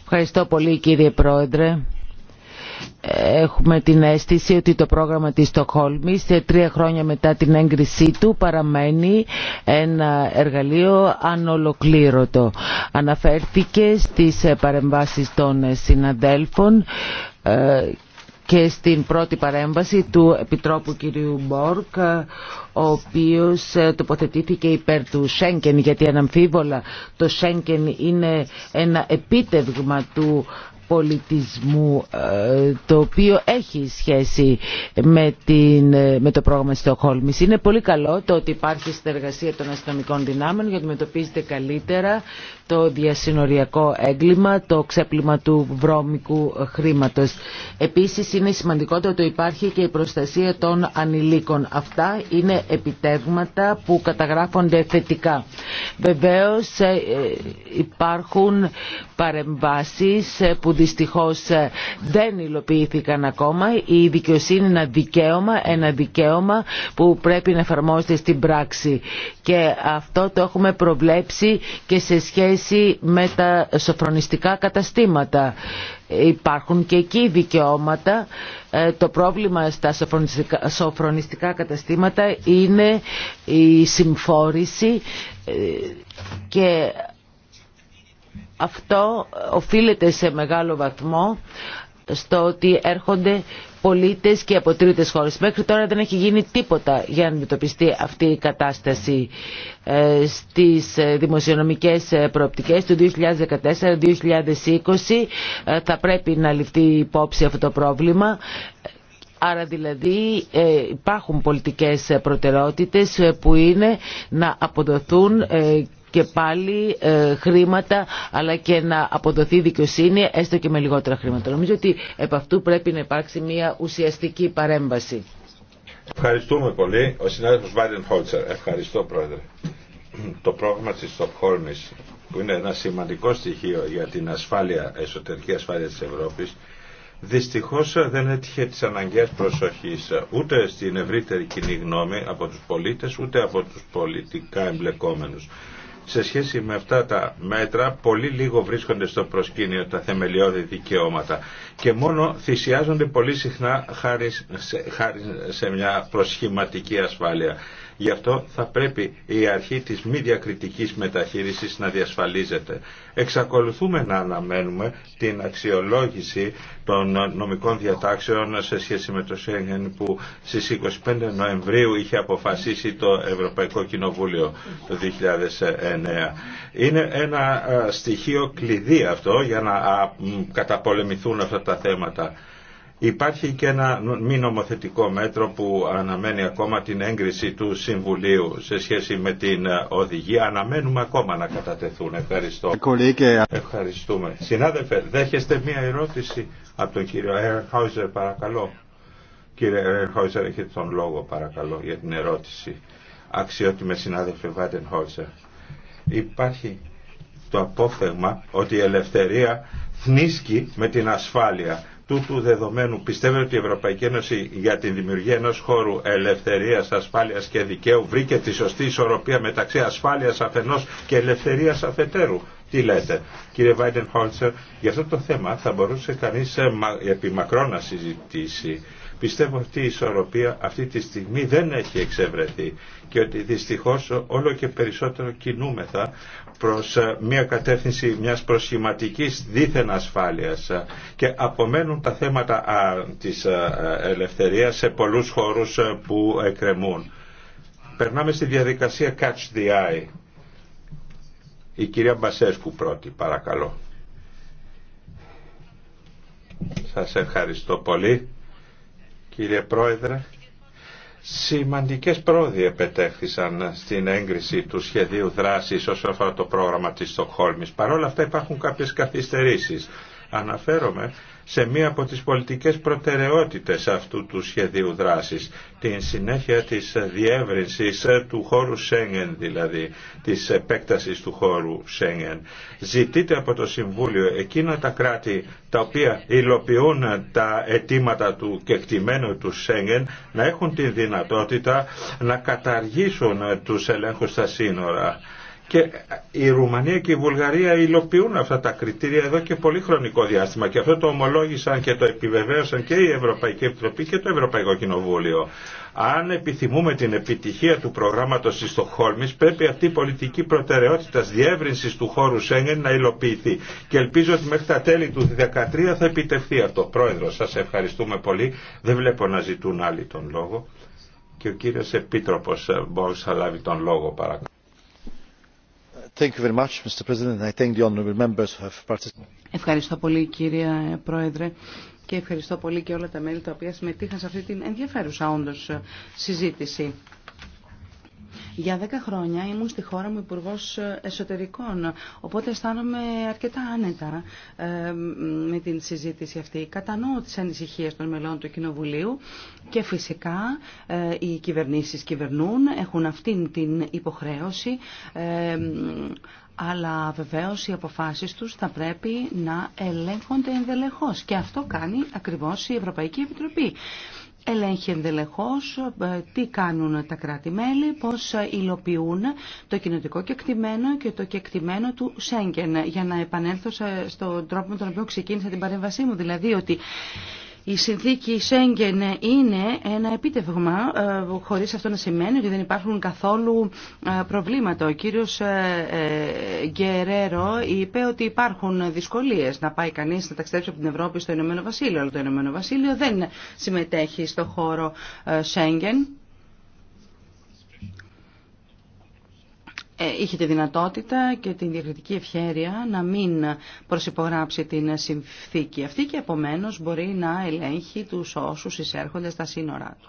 A: Ευχαριστώ πολύ κύριε Πρόεδρε έχουμε την αίσθηση ότι το πρόγραμμα της Στοκχόλμης ε, τρία χρόνια μετά την έγκρισή του παραμένει ένα εργαλείο ανολοκλήρωτο. Αναφέρθηκε στις ε, παρεμβάσεις των ε, συναδέλφων και στην πρώτη παρέμβαση του Επιτρόπου κυρίου Μπόρκ ο οποίος τοποθετήθηκε υπέρ του Σέγκεν γιατί αναμφίβολα το Σέγκεν είναι ένα επίτευγμα του πολιτισμού ε, το οποίο έχει σχέση με, την, ε, με το πρόγραμμα Στοχόλμης. Είναι πολύ καλό το ότι υπάρχει συνεργασία των αστυνομικών δυνάμεων για να αντιμετωπίζετε καλύτερα το διασυνοριακό έγκλημα, το ξέπλυμα του βρώμικου χρήματος. Επίσης είναι το ότι υπάρχει και η προστασία των ανηλίκων. Αυτά είναι επιτεύγματα που καταγράφονται θετικά. Βεβαίως ε, υπάρχουν παρεμβάσεις ε, που δυστυχώς ε, δεν υλοποιήθηκαν ακόμα. Η δικαιοσύνη είναι ένα δικαίωμα, ένα δικαίωμα που πρέπει να εφαρμόζεται στην πράξη. Και αυτό το έχουμε προβλέψει και σε σχέση σχέση με τα σοφρονιστικά καταστήματα. Υπάρχουν και εκεί δικαιώματα. Ε, το πρόβλημα στα σοφρονιστικά καταστήματα είναι η συμφόρηση ε, και αυτό οφείλεται σε μεγάλο βαθμό στο ότι έρχονται πολίτες και από τρίτες χώρες. Μέχρι τώρα δεν έχει γίνει τίποτα για να αντιμετωπιστεί αυτή η κατάσταση ε, στις ε, δημοσιονομικές ε, προοπτικές του 2014-2020 θα πρέπει να ληφθεί υπόψη αυτό το πρόβλημα. Άρα δηλαδή υπάρχουν πολιτικές προτεραιότητες που είναι να αποδοθούν και πάλι ε, χρήματα αλλά και να αποδοθεί δικαιοσύνη έστω και με λιγότερα χρήματα. Νομίζω ότι επ' αυτού πρέπει να υπάρξει μια ουσιαστική παρέμβαση.
E: Ευχαριστούμε πολύ. Ο συνάδελφος Βάιντεν Χόλτσερ. Ευχαριστώ πρόεδρε. Το πρόγραμμα της Στοκχόλμης που είναι ένα σημαντικό στοιχείο για την ασφάλεια, εσωτερική ασφάλεια της Ευρώπης δυστυχώς δεν έτυχε της αναγκαίας προσοχής ούτε στην ευρύτερη κοινή γνώμη από τους πολίτες ούτε από τους πολιτικά εμπλεκόμενους σε σχέση με αυτά τα μέτρα πολύ λίγο βρίσκονται στο προσκήνιο τα θεμελιώδη δικαιώματα και μόνο θυσιάζονται πολύ συχνά χάρη σε, σε μια προσχηματική ασφάλεια. Γι' αυτό θα πρέπει η αρχή της μη διακριτικής μεταχείρισης να διασφαλίζεται. Εξακολουθούμε να αναμένουμε την αξιολόγηση των νομικών διατάξεων σε σχέση με το Σέγγεν που στις 25 Νοεμβρίου είχε αποφασίσει το Ευρωπαϊκό Κοινοβούλιο το 2009. Είναι ένα ε, στοιχείο κλειδί αυτό για να καταπολεμηθούν αυτά τα θέματα. Υπάρχει και ένα μη νομοθετικό μέτρο που αναμένει ακόμα την έγκριση του Συμβουλίου σε σχέση με την ε, οδηγία. Αναμένουμε ακόμα να κατατεθούν. Ευχαριστώ. Ευχαριστούμε. Συνάδελφε, δέχεστε μία ερώτηση από τον κύριο Ερχάουζερ, παρακαλώ. Κύριε Ερχάουζερ, έχετε τον λόγο, παρακαλώ, για την ερώτηση. Αξιότιμε συνάδελφε Βάτεν Υπάρχει το απόφθεγμα ότι η ελευθερία θνίσκει με την ασφάλεια τούτου δεδομένου πιστεύετε ότι η Ευρωπαϊκή Ένωση για τη δημιουργία ενός χώρου ελευθερίας, ασφάλειας και δικαίου βρήκε τη σωστή ισορροπία μεταξύ ασφάλειας αφενός και ελευθερίας αφετέρου. Τι λέτε, κύριε Βάιντεν Χόλτσερ, για αυτό το θέμα θα μπορούσε κανείς ε, επιμακρό να συζητήσει Πιστεύω ότι η ισορροπία αυτή τη στιγμή δεν έχει εξευρεθεί και ότι δυστυχώς όλο και περισσότερο κινούμεθα προς ε, μια κατεύθυνση μιας προσχηματικής δίθεν ασφάλειας ε, και απομένουν τα θέματα της ε, ελευθερίας σε πολλούς χώρους που εκκρεμούν. Περνάμε στη διαδικασία Catch the Eye. Η κυρία Μπασέσκου πρώτη, παρακαλώ. Σας ευχαριστώ πολύ. Κύριε Πρόεδρε, σημαντικές πρόοδοι επετέχθησαν στην έγκριση του σχεδίου δράσης όσον αφορά το πρόγραμμα της Στοκχόλμης. Παρ' όλα αυτά υπάρχουν κάποιες καθυστερήσεις. Αναφέρομαι σε μία από τις πολιτικές προτεραιότητες αυτού του σχεδίου δράσης, την συνέχεια της διεύρυνσης του χώρου Σέγγεν δηλαδή, της επέκτασης του χώρου Σέγγεν. Ζητείται από το Συμβούλιο εκείνα τα κράτη τα οποία υλοποιούν τα αιτήματα του κεκτημένου του Σέγγεν να έχουν τη δυνατότητα να καταργήσουν τους ελέγχους στα σύνορα και η Ρουμανία και η Βουλγαρία υλοποιούν αυτά τα κριτήρια εδώ και πολύ χρονικό διάστημα και αυτό το ομολόγησαν και το επιβεβαίωσαν και η Ευρωπαϊκή Επιτροπή και το Ευρωπαϊκό Κοινοβούλιο. Αν επιθυμούμε την επιτυχία του προγράμματος της Στοχόλμης πρέπει αυτή η πολιτική προτεραιότητα διεύρυνσης του χώρου Σέγγεν να υλοποιηθεί και ελπίζω ότι μέχρι τα τέλη του 2013 θα επιτευχθεί αυτό. Πρόεδρο, σας ευχαριστούμε πολύ. Δεν βλέπω να ζητούν άλλοι τον λόγο. Και ο κύριος Επίτροπος μπορεί θα λάβει τον λόγο παρακαλώ.
G: Ευχαριστώ πολύ κύριε Πρόεδρε και ευχαριστώ πολύ και όλα τα μέλη τα οποία συμμετείχαν σε αυτή την ενδιαφέρουσα όντως συζήτηση. Για δέκα χρόνια ήμουν στη χώρα μου υπουργό ε, Εσωτερικών, οπότε αισθάνομαι αρκετά άνετα ε, με την συζήτηση αυτή. Κατανοώ τις ανησυχίες των μελών του Κοινοβουλίου και φυσικά ε, οι κυβερνήσεις κυβερνούν, έχουν αυτήν την υποχρέωση αλλά βεβαίως οι αποφάσεις τους θα πρέπει να ελέγχονται ενδελεχώς και αυτό κάνει ακριβώς η Ευρωπαϊκή Επιτροπή ελέγχει ενδελεχώς ε, τι κάνουν τα κράτη-μέλη, πώς ε, υλοποιούν το κοινωτικό κεκτημένο και το κεκτημένο του Σέγγεν. Για να επανέλθω στον τρόπο με τον οποίο ξεκίνησα την παρέμβασή μου, δηλαδή ότι η συνθήκη Σέγγεν είναι ένα επίτευγμα, ε, χωρίς αυτό να σημαίνει ότι δεν υπάρχουν καθόλου ε, προβλήματα. Ο κύριος ε, Γκερέρο είπε ότι υπάρχουν δυσκολίες να πάει κανείς να ταξιδέψει από την Ευρώπη στο Ηνωμένο Βασίλειο, αλλά το Ηνωμένο Βασίλειο δεν συμμετέχει στο χώρο Σέγγεν. Ε, είχε τη δυνατότητα και την διακριτική ευχέρεια να μην προσυπογράψει την συνθήκη αυτή και επομένως μπορεί να ελέγχει τους όσους εισέρχονται στα σύνορά του.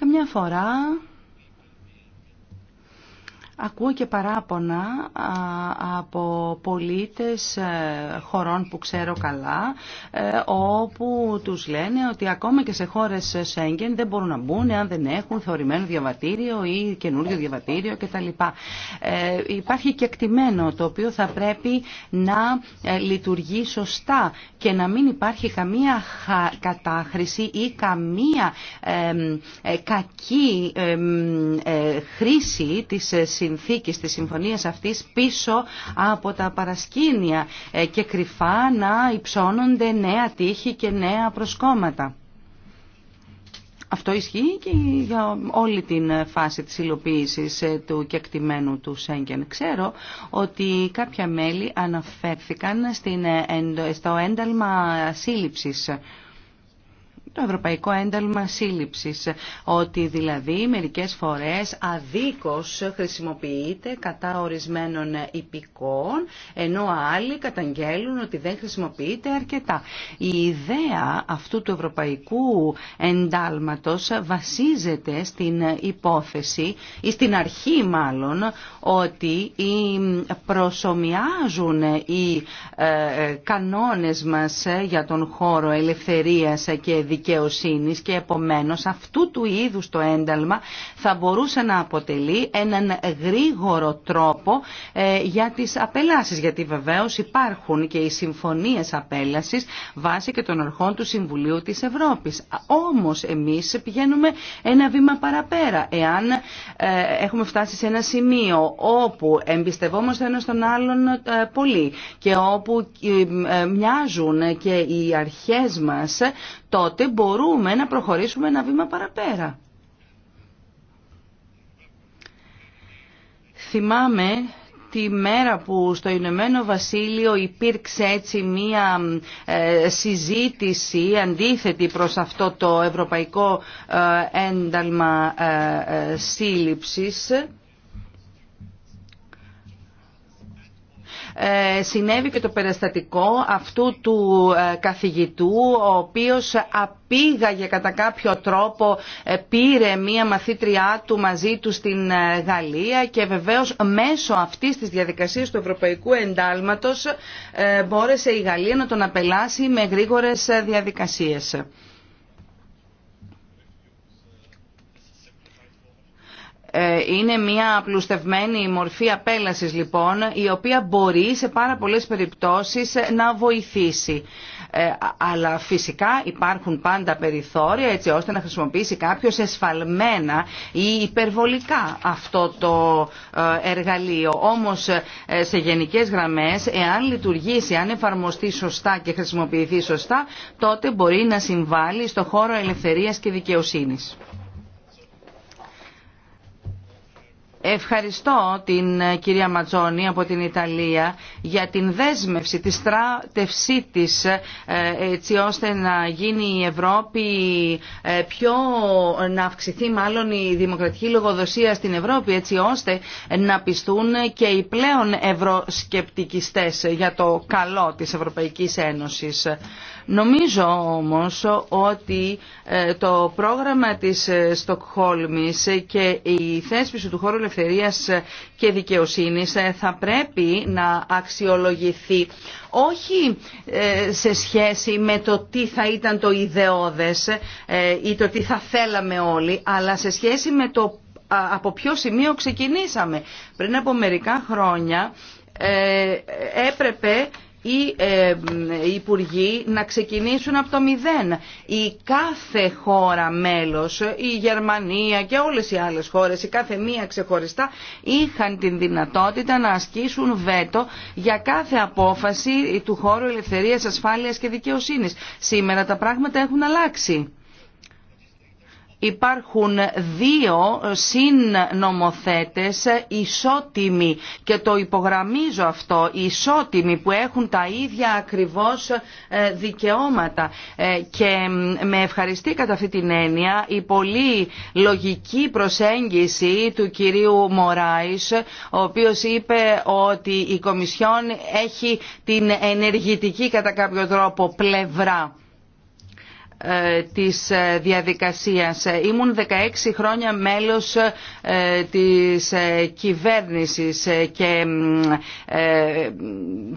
G: Καμιά φορά Ακούω και παράπονα από πολίτες ε, χωρών που ξέρω καλά, ε, όπου τους λένε ότι ακόμα και σε χώρες Σέγγεν δεν μπορούν να μπουν αν δεν έχουν θεωρημένο διαβατήριο ή καινούργιο διαβατήριο κτλ. Ε, υπάρχει και εκτιμένο το οποίο θα πρέπει να λειτουργεί σωστά και να μην υπάρχει καμία κατάχρηση ή καμία κακή χρήση της συνθήκη της συμφωνίας αυτής πίσω από τα παρασκήνια ε, και κρυφά να υψώνονται νέα τείχη και νέα προσκόμματα. Αυτό ισχύει και για όλη την φάση της υλοποίησης ε, του κεκτημένου του Σέγγεν. Ξέρω ότι κάποια μέλη αναφέρθηκαν ε, στο ένταλμα σύλληψης το Ευρωπαϊκό Ένταλμα Σύλληψης, ότι δηλαδή μερικές φορές αδίκως χρησιμοποιείται κατά ορισμένων υπηκών, ενώ άλλοι καταγγέλουν ότι δεν χρησιμοποιείται αρκετά. Η ιδέα αυτού του Ευρωπαϊκού Εντάλματος βασίζεται στην υπόθεση ή στην αρχή μάλλον ότι προσωμιάζουν οι ε, ε, κανόνες μας για τον χώρο ελευθερίας και δικαιοσύνης δικαιοσύνης και επομένως αυτού του είδους το ένταλμα θα μπορούσε να αποτελεί έναν γρήγορο τρόπο ε, για τις απελάσεις γιατί βεβαίως υπάρχουν και οι συμφωνίες απέλασης βάσει και των αρχών του Συμβουλίου της Ευρώπης. Όμως εμείς πηγαίνουμε ένα βήμα παραπέρα. Εάν ε, έχουμε φτάσει σε ένα σημείο όπου εμπιστευόμαστε ένα τον άλλον ε, πολύ και όπου μοιάζουν και οι αρχές μας τότε μπορούμε να προχωρήσουμε ένα βήμα παραπέρα. Θυμάμαι τη μέρα που στο Ηνωμένο Βασίλειο υπήρξε έτσι μία ε, συζήτηση αντίθετη προς αυτό το ευρωπαϊκό ε, ένταλμα ε, σύλληψης Ε, συνέβη και το περιστατικό αυτού του ε, καθηγητού ο οποίος απήγαγε κατά κάποιο τρόπο ε, πήρε μία μαθήτριά του μαζί του στην Γαλλία και βεβαίως μέσω αυτής της διαδικασίας του Ευρωπαϊκού Εντάλματος μπόρεσε η Γαλλία να τον απελάσει με γρήγορες διαδικασίες. Ε, είναι μια απλουστευμένη μορφή απέλασης λοιπόν η οποία μπορεί σε πάρα πολλές περιπτώσεις να βοηθήσει. Ε, αλλά φυσικά υπάρχουν πάντα περιθώρια έτσι ώστε να χρησιμοποιήσει κάποιος εσφαλμένα ή υπερβολικά αυτό το ε, εργαλείο. Όμως σε γενικές γραμμές, εάν λειτουργήσει, αν εφαρμοστεί σωστά και χρησιμοποιηθεί σωστά, τότε μπορεί να συμβάλλει στο χώρο ελευθερίας και δικαιοσύνης. Ευχαριστώ την ε, κυρία Ματζόνη από την Ιταλία για την δέσμευση, τη στράτευσή της ε, έτσι ώστε να γίνει η Ευρώπη ε, πιο, να αυξηθεί μάλλον η δημοκρατική λογοδοσία στην Ευρώπη έτσι ώστε να πιστούν και οι πλέον ευρωσκεπτικιστές για το καλό της Ευρωπαϊκής Ένωσης. Νομίζω όμως ότι ε, το πρόγραμμα της ε, Στοκχόλμης και η θέσπιση του χώρου ελευθερίας ε, και δικαιοσύνης θα πρέπει να αξιολογηθεί όχι σε σχέση με το τι θα ήταν το ιδεώδες ή το τι θα θέλαμε όλοι, αλλά σε σχέση με το από ποιο σημείο ξεκινήσαμε. Πριν από μερικά χρόνια έπρεπε ε, οι υπουργοί να ξεκινήσουν από το μηδέν. Η κάθε χώρα μέλος, η Γερμανία και όλες οι άλλες χώρες, η κάθε μία ξεχωριστά, είχαν την δυνατότητα να ασκήσουν βέτο για κάθε απόφαση του χώρου ελευθερίας, ασφάλειας και δικαιοσύνης. Σήμερα τα πράγματα έχουν αλλάξει υπάρχουν δύο συνομοθέτες ισότιμοι και το υπογραμμίζω αυτό, ισότιμοι που έχουν τα ίδια ακριβώς ε, δικαιώματα ε, και με ευχαριστεί κατά αυτή την έννοια η πολύ λογική προσέγγιση του κυρίου Μωράης ο οποίος είπε ότι η Κομισιόν έχει την ενεργητική κατά κάποιο τρόπο πλευρά ε, της ε, διαδικασίας. Ε, ήμουν 16 χρόνια μέλος της κυβέρνησης και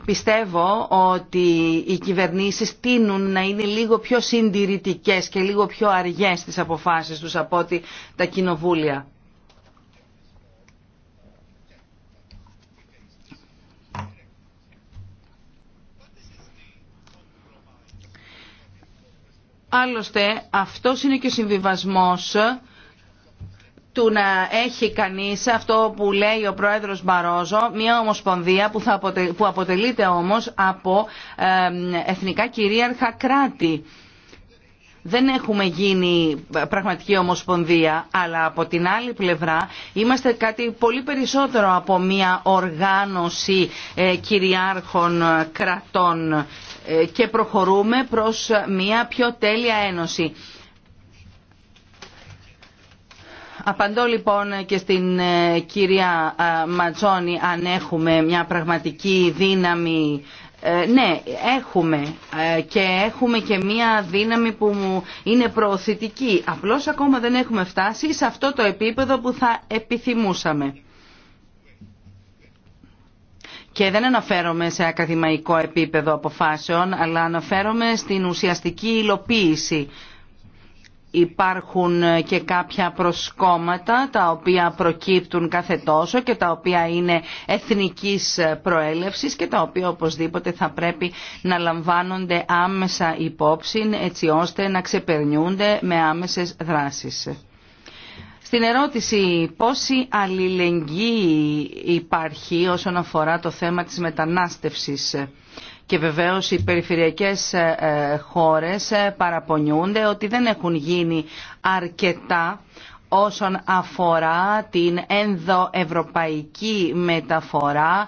G: πιστεύω ότι οι κυβερνήσεις τείνουν να είναι λίγο πιο συντηρητικές και λίγο πιο αργές στις αποφάσεις τους από ότι τα κοινοβούλια. Άλλωστε αυτό είναι και ο συμβιβασμός του να έχει κανείς αυτό που λέει ο πρόεδρος Μπαρόζο, μια ομοσπονδία που, που αποτελείται όμως από εθνικά κυρίαρχα κράτη. Δεν έχουμε γίνει πραγματική ομοσπονδία, αλλά από την άλλη πλευρά είμαστε κάτι πολύ περισσότερο από μια οργάνωση ε, κυριάρχων κρατών ε, και προχωρούμε προς μια πιο τέλεια ένωση. Απαντώ λοιπόν και στην ε, κυρία ε, Ματζόνη αν έχουμε μια πραγματική δύναμη ναι, έχουμε και έχουμε και μία δύναμη που είναι προωθητική. Απλώς ακόμα δεν έχουμε φτάσει σε αυτό το επίπεδο που θα επιθυμούσαμε και δεν αναφέρομαι σε ακαδημαϊκό επίπεδο αποφάσεων, αλλά αναφέρομαι στην ουσιαστική υλοποίηση. Υπάρχουν ε, και κάποια προσκόμματα τα οποία προκύπτουν κάθε τόσο και τα οποία είναι εθνικής ε, προέλευσης και τα οποία οπωσδήποτε θα πρέπει να λαμβάνονται άμεσα υπόψη έτσι ώστε να ξεπερνιούνται με άμεσες δράσεις. Στην ερώτηση πόση αλληλεγγύη υπάρχει όσον αφορά το θέμα της μετανάστευσης και βεβαίως οι περιφερειακές ε, ε, χώρες ε, παραπονιούνται ότι δεν έχουν γίνει αρκετά όσον αφορά την ενδοευρωπαϊκή μεταφορά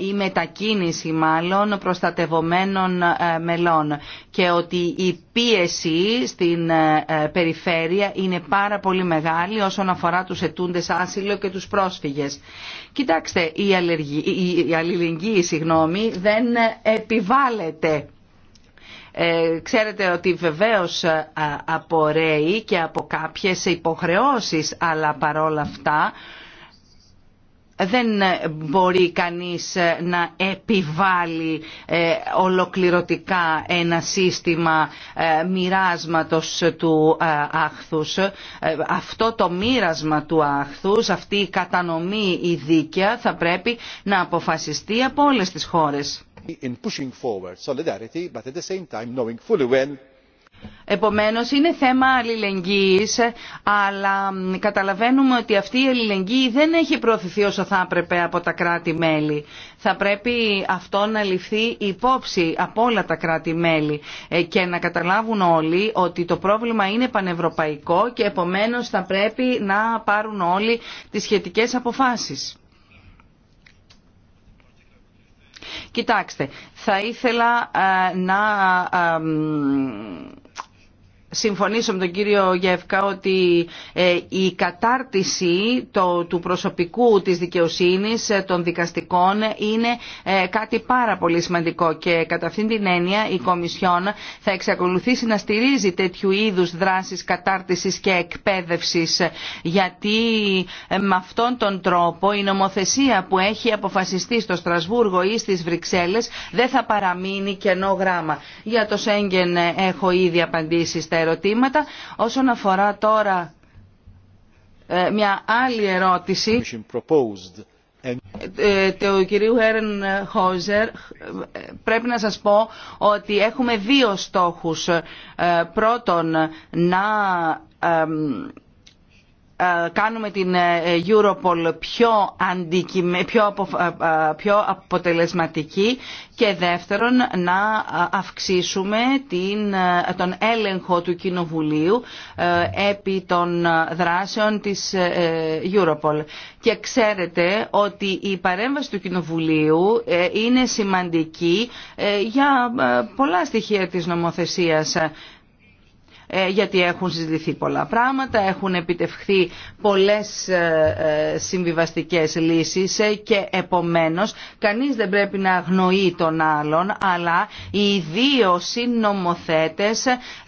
G: ή ε, μετακίνηση μάλλον προστατευομένων ε, μελών και ότι η πίεση στην ε, περιφέρεια είναι πάρα πολύ μεγάλη όσον αφορά τους ετούντες άσυλο και τους πρόσφυγες. Κοιτάξτε, η, αλληλεγγύη συγγνώμη, δεν επιβάλλεται ε, ξέρετε ότι βεβαίως ε, απορρέει και από κάποιες υποχρεώσεις, αλλά παρόλα αυτά δεν μπορεί κανείς ε, να επιβάλλει ολοκληρωτικά ένα σύστημα μοιράσματος του άχθους. Αυτό το μοίρασμα του άχθους, αυτή η κατανομή η δίκαια θα πρέπει να αποφασιστεί από όλες τις χώρες. In Επομένως είναι θέμα αλληλεγγύης, αλλά καταλαβαίνουμε ότι αυτή η αλληλεγγύη δεν έχει προωθηθεί όσο θα έπρεπε από τα κράτη-μέλη. Θα πρέπει αυτό να ληφθεί υπόψη από όλα τα κράτη-μέλη ε, και να καταλάβουν όλοι ότι το πρόβλημα είναι πανευρωπαϊκό και επομένως θα πρέπει να πάρουν όλοι τις σχετικές αποφάσεις. Κοιτάξτε, θα ήθελα ε, να ε, συμφωνήσω με τον κύριο Γεύκα ότι ε, η κατάρτιση του προσωπικού της δικαιοσύνης ε, των δικαστικών είναι ε, κάτι πάρα πολύ σημαντικό και κατά αυτήν την έννοια η Κομισιόν θα εξακολουθήσει να στηρίζει τέτοιου είδους δράσεις κατάρτισης και εκπαίδευσης γιατί με αυτόν τον τρόπο η νομοθεσία που έχει αποφασιστεί στο Στρασβούργο ή στις Βρυξέλλες δεν θα παραμείνει κενό γράμμα. Για το Σέγγεν έχω ήδη απαντήσει ερωτήματα. Όσον αφορά τώρα ε, μια άλλη ερώτηση ε, του κυρίου έρεν Χόζερ ε, πρέπει να σας πω ότι έχουμε δύο στόχους πρώτον να ε, κάνουμε την ε, Europol πιο, ε, πιο, αποτελεσματική και δεύτερον να αυξήσουμε την... τον έλεγχο του Κοινοβουλίου επί των δράσεων της Europol. Και ξέρετε ότι η παρέμβαση του Κοινοβουλίου είναι σημαντική για πολλά στοιχεία της νομοθεσίας ε, γιατί έχουν συζητηθεί πολλά πράγματα, έχουν επιτευχθεί πολλές ε, ε, συμβιβαστικές λύσεις και επομένως κανείς δεν πρέπει να αγνοεί τον άλλον, αλλά οι δύο συνομοθέτες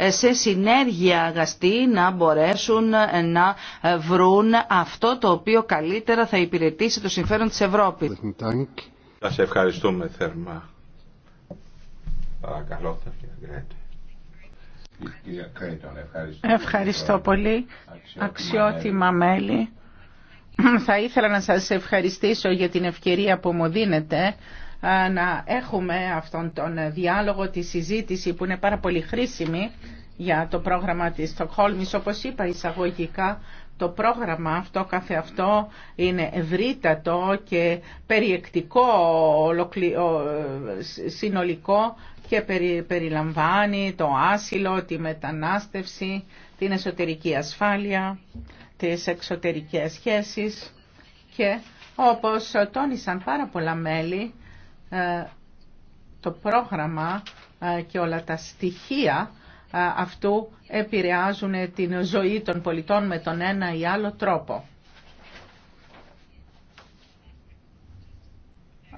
G: σε συνέργεια αγαστή να μπορέσουν να βρουν αυτό το οποίο καλύτερα θα υπηρετήσει το συμφέρον της Ευρώπης.
E: Σας ευχαριστούμε θερμά. Παρακαλώ,
H: Ευχαριστώ πολύ. Αξιότιμα μέλη. Θα ήθελα να σας ευχαριστήσω για την ευκαιρία που μου δίνετε να έχουμε αυτόν τον διάλογο, τη συζήτηση που είναι πάρα πολύ χρήσιμη για το πρόγραμμα της Στοκχόλμης. Όπως είπα εισαγωγικά, το πρόγραμμα αυτό καθεαυτό είναι ευρύτατο και περιεκτικό, συνολικό και περιλαμβάνει το άσυλο, τη μετανάστευση, την εσωτερική ασφάλεια, τις εξωτερικές σχέσεις και όπως τόνισαν πάρα πολλά μέλη, ε, το πρόγραμμα ε, και όλα τα στοιχεία ε, αυτού επηρεάζουν την ζωή των πολιτών με τον ένα ή άλλο τρόπο.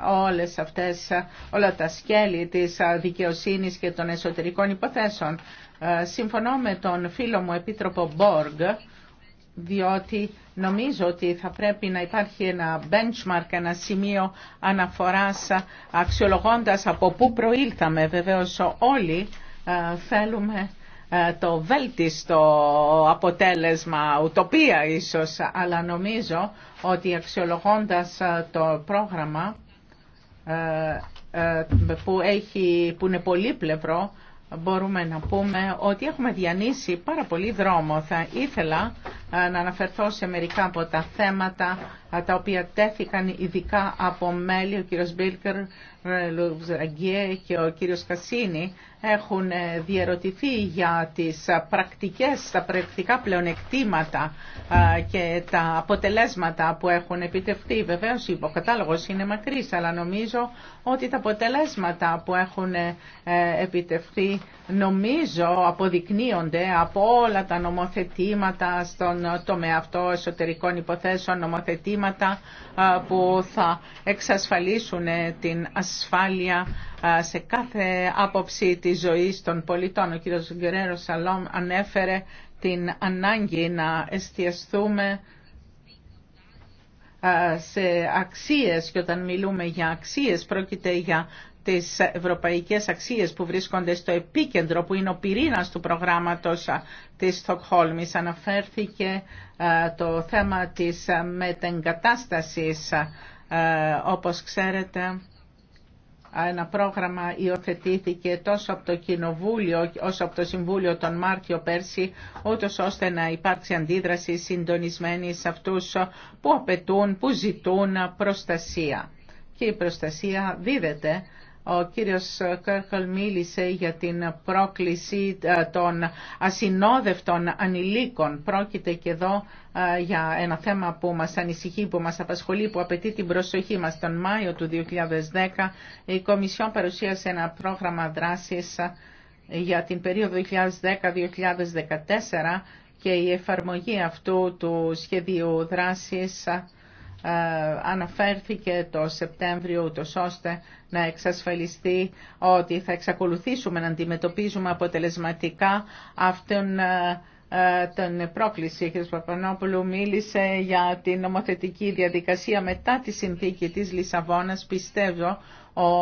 H: όλες αυτές, όλα τα σκέλη της δικαιοσύνης και των εσωτερικών υποθέσεων. Ε, συμφωνώ με τον φίλο μου Επίτροπο Μπόργ, διότι νομίζω ότι θα πρέπει να υπάρχει ένα benchmark, ένα σημείο αναφοράς αξιολογώντας από πού προήλθαμε. Βεβαίως όλοι ε, θέλουμε ε, το βέλτιστο αποτέλεσμα, ουτοπία ίσως, αλλά νομίζω ότι αξιολογώντας το πρόγραμμα ε, ε, που, έχει, που είναι πολύπλευρο μπορούμε να πούμε ότι έχουμε διανύσει πάρα πολύ δρόμο. Θα ήθελα να αναφερθώ σε μερικά από τα θέματα τα οποία τέθηκαν ειδικά από μέλη, ο κύριος Μπίλκερ, ε, και ο κύριος Κασίνη έχουν ε, διαρωτηθεί για τις πρακτικές, τα πρακτικά πλεονεκτήματα και τα αποτελέσματα που έχουν επιτευχθεί. Βεβαίως ο κατάλογος είναι μακρύς, αλλά νομίζω ότι τα αποτελέσματα που έχουν ε, επιτευχθεί νομίζω αποδεικνύονται από όλα τα νομοθετήματα στον το με αυτό εσωτερικών υποθέσεων νομοθετήματα που θα εξασφαλίσουν ε, την ασφάλεια σε κάθε άποψη της ζωής των πολιτών. Ο κ. Γκερέρο Σαλόμ ανέφερε την ανάγκη να εστιαστούμε σε αξίες και όταν μιλούμε για αξίες πρόκειται για τις ευρωπαϊκές αξίες που βρίσκονται στο επίκεντρο, που είναι ο πυρήνας του προγράμματος της Στοκχόλμης. Αναφέρθηκε ε, το θέμα της ε, μετεγκατάστασης, ε, όπως ξέρετε. Ένα πρόγραμμα υιοθετήθηκε τόσο από το Κοινοβούλιο όσο από το Συμβούλιο τον Μάρτιο πέρσι, ούτως ώστε να υπάρξει αντίδραση συντονισμένη σε αυτούς που απαιτούν, που ζητούν προστασία. Και η προστασία δίδεται ο κύριος Κέρκολ μίλησε για την πρόκληση ε, των ασυνόδευτων ανηλίκων. Πρόκειται και εδώ ε, για ένα θέμα που μας ανησυχεί, που μας απασχολεί, που απαιτεί την προσοχή μας. Τον Μάιο του 2010 η Κομισιόν παρουσίασε ένα πρόγραμμα δράσης ε, για την περίοδο 2010-2014 και η εφαρμογή αυτού του σχεδίου δράσης ε, αναφέρθηκε το Σεπτέμβριο ούτω ώστε να εξασφαλιστεί ότι θα εξακολουθήσουμε να αντιμετωπίζουμε αποτελεσματικά αυτόν ε, ε, την πρόκληση. Ο κ. Παπανόπουλου μίλησε για την νομοθετική διαδικασία μετά τη συνθήκη της Λισαβόνας. Πιστεύω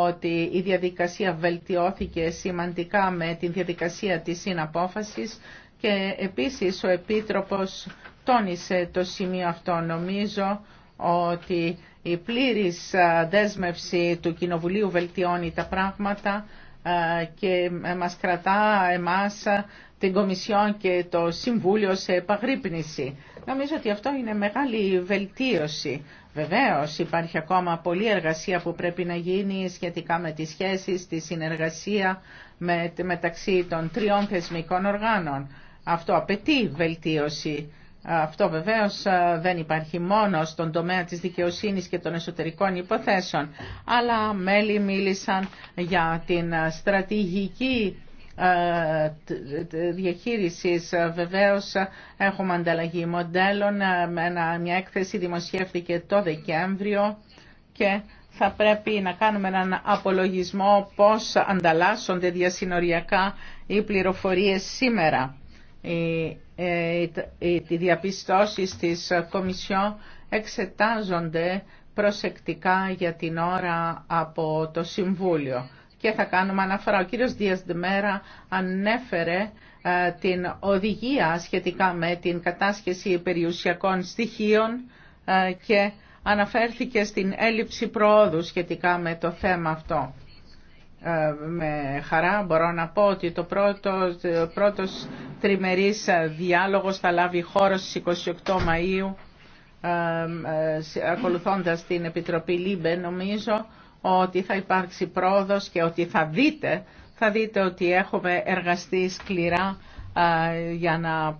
H: ότι η διαδικασία βελτιώθηκε σημαντικά με την διαδικασία της συναπόφασης και επίσης ο Επίτροπος τόνισε το σημείο αυτό. Νομίζω ότι η πλήρης δέσμευση του Κοινοβουλίου βελτιώνει τα πράγματα και ε, μας κρατά εμάς την Κομισιόν και το Συμβούλιο σε επαγρύπνηση. Νομίζω ότι αυτό είναι μεγάλη βελτίωση. Βεβαίως υπάρχει ακόμα πολλή εργασία που πρέπει να γίνει σχετικά με τις σχέσεις, τη συνεργασία μεταξύ των τριών θεσμικών οργάνων. Αυτό απαιτεί βελτίωση αυτό βεβαίω ε, δεν υπάρχει μόνο στον τομέα της δικαιοσύνης και των εσωτερικών υποθέσεων, αλλά μέλη μίλησαν για την στρατηγική ε, διαχείρισης βεβαίως έχουμε ανταλλαγή μοντέλων ε, μια έκθεση δημοσιεύτηκε το Δεκέμβριο και θα πρέπει να κάνουμε έναν απολογισμό πώς ανταλλάσσονται διασυνοριακά οι πληροφορίες σήμερα ε, οι διαπιστώσεις της Κομισιόν εξετάζονται προσεκτικά για την ώρα από το Συμβούλιο. Και θα κάνουμε αναφορά. Ο κύριος Δίας Δημέρα ανέφερε ε, την οδηγία σχετικά με την κατάσχεση περιουσιακών στοιχείων ε, και αναφέρθηκε στην έλλειψη προόδου σχετικά με το θέμα αυτό. Ε, με χαρά μπορώ να πω ότι το πρώτο, πρώτος τριμερής διάλογος θα λάβει χώρο στις 28 Μαΐου ε, ακολουθώντας την Επιτροπή ΛΥΜΠΕ νομίζω ότι θα υπάρξει πρόοδος και ότι θα δείτε, θα δείτε ότι έχουμε εργαστεί σκληρά ε, για να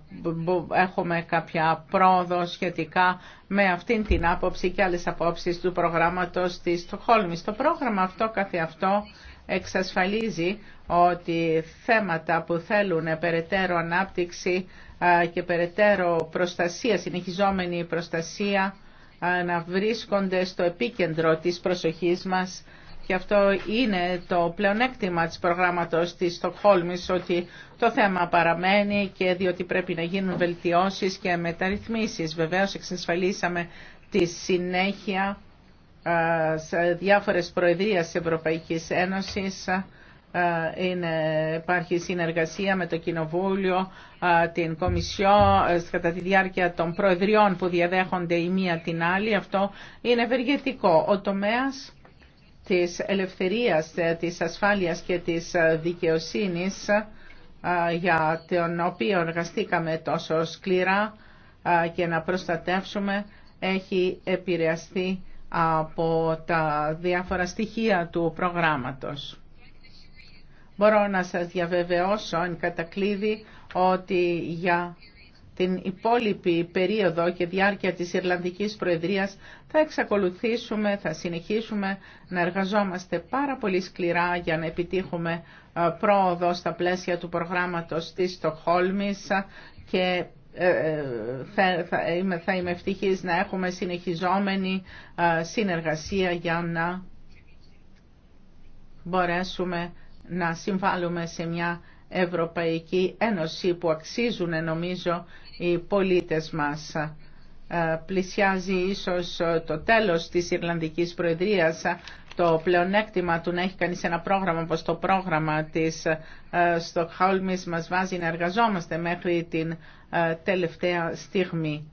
H: έχουμε κάποια πρόοδο σχετικά με αυτήν την άποψη και άλλες απόψεις του προγράμματος της Στοχόλμης. Το πρόγραμμα αυτό καθε αυτό εξασφαλίζει ότι θέματα που θέλουν περαιτέρω ανάπτυξη και περαιτέρω προστασία, συνεχιζόμενη προστασία, να βρίσκονται στο επίκεντρο της προσοχής μας και αυτό είναι το πλεονέκτημα της προγράμματος της Στοκχόλμης ότι το θέμα παραμένει και διότι πρέπει να γίνουν βελτιώσεις και μεταρρυθμίσεις. Βεβαίως εξασφαλίσαμε τη συνέχεια ε, σε διάφορες προεδρίες της Ευρωπαϊκής Ένωσης ε, είναι, υπάρχει συνεργασία με το Κοινοβούλιο, ε, την Κομισιό, κατά τη διάρκεια των προεδριών που διαδέχονται η μία την άλλη. Αυτό είναι ευεργετικό. Ο τομέας της ελευθερίας, της ασφάλειας και της δικαιοσύνης για τον οποίο εργαστήκαμε τόσο σκληρά και να προστατεύσουμε έχει επηρεαστεί από τα διάφορα στοιχεία του προγράμματος. Μπορώ να σας διαβεβαιώσω εν κατακλείδη ότι για την υπόλοιπη περίοδο και διάρκεια της Ιρλανδικής Προεδρίας θα εξακολουθήσουμε, θα συνεχίσουμε να εργαζόμαστε πάρα πολύ σκληρά για να επιτύχουμε ε, πρόοδο στα πλαίσια του προγράμματος της Στοχόλμης και ε, ε, θα είμαι ευτυχής να έχουμε συνεχιζόμενη συνεργασία για να μπορέσουμε να συμβάλλουμε σε μια Ευρωπαϊκή Ένωση που αξίζουν νομίζω οι πολίτες μας. Πλησιάζει ίσως το τέλος της Ιρλανδικής Προεδρίας, το πλεονέκτημα του να έχει κανεί ένα πρόγραμμα όπω το πρόγραμμα της ε, Στοκχόλμη μας βάζει να εργαζόμαστε μέχρι την ε, τελευταία στιγμή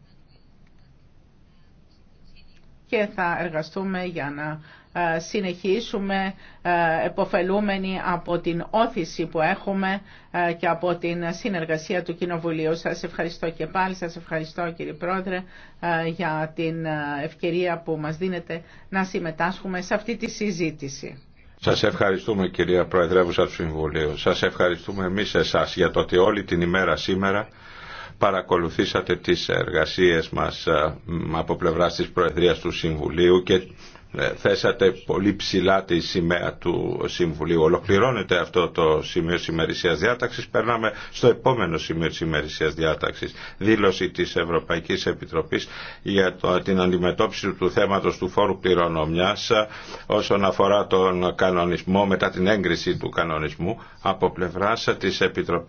H: και θα εργαστούμε για να ε, συνεχίσουμε ε, εποφελούμενοι από την όθηση που έχουμε ε, και από την συνεργασία του Κοινοβουλίου. Σας ευχαριστώ και πάλι, σας ευχαριστώ κύριε Πρόεδρε για την ευκαιρία που μας δίνετε να συμμετάσχουμε σε αυτή τη συζήτηση.
E: Σας ευχαριστούμε κυρία Προεδρεύουσα του Συμβουλίου. Σας ευχαριστούμε εμείς εσάς για το ότι όλη την ημέρα σήμερα παρακολουθήσατε τις εργασίες μας από πλευράς της Προεδρίας του Συμβουλίου ε, θέσατε πολύ ψηλά τη σημαία του Συμβουλίου. Ολοκληρώνεται αυτό το σημείο της ημερησίας διάταξης. Περνάμε στο επόμενο σημείο της ημερησίας διάταξης. Δήλωση της Ευρωπαϊκής Επιτροπής για την αντιμετώπιση του θέματος του φόρου κληρονομιάς ε, όσον αφορά τον κανονισμό μετά την έγκριση του κανονισμού από πλευράς της Επιτροπής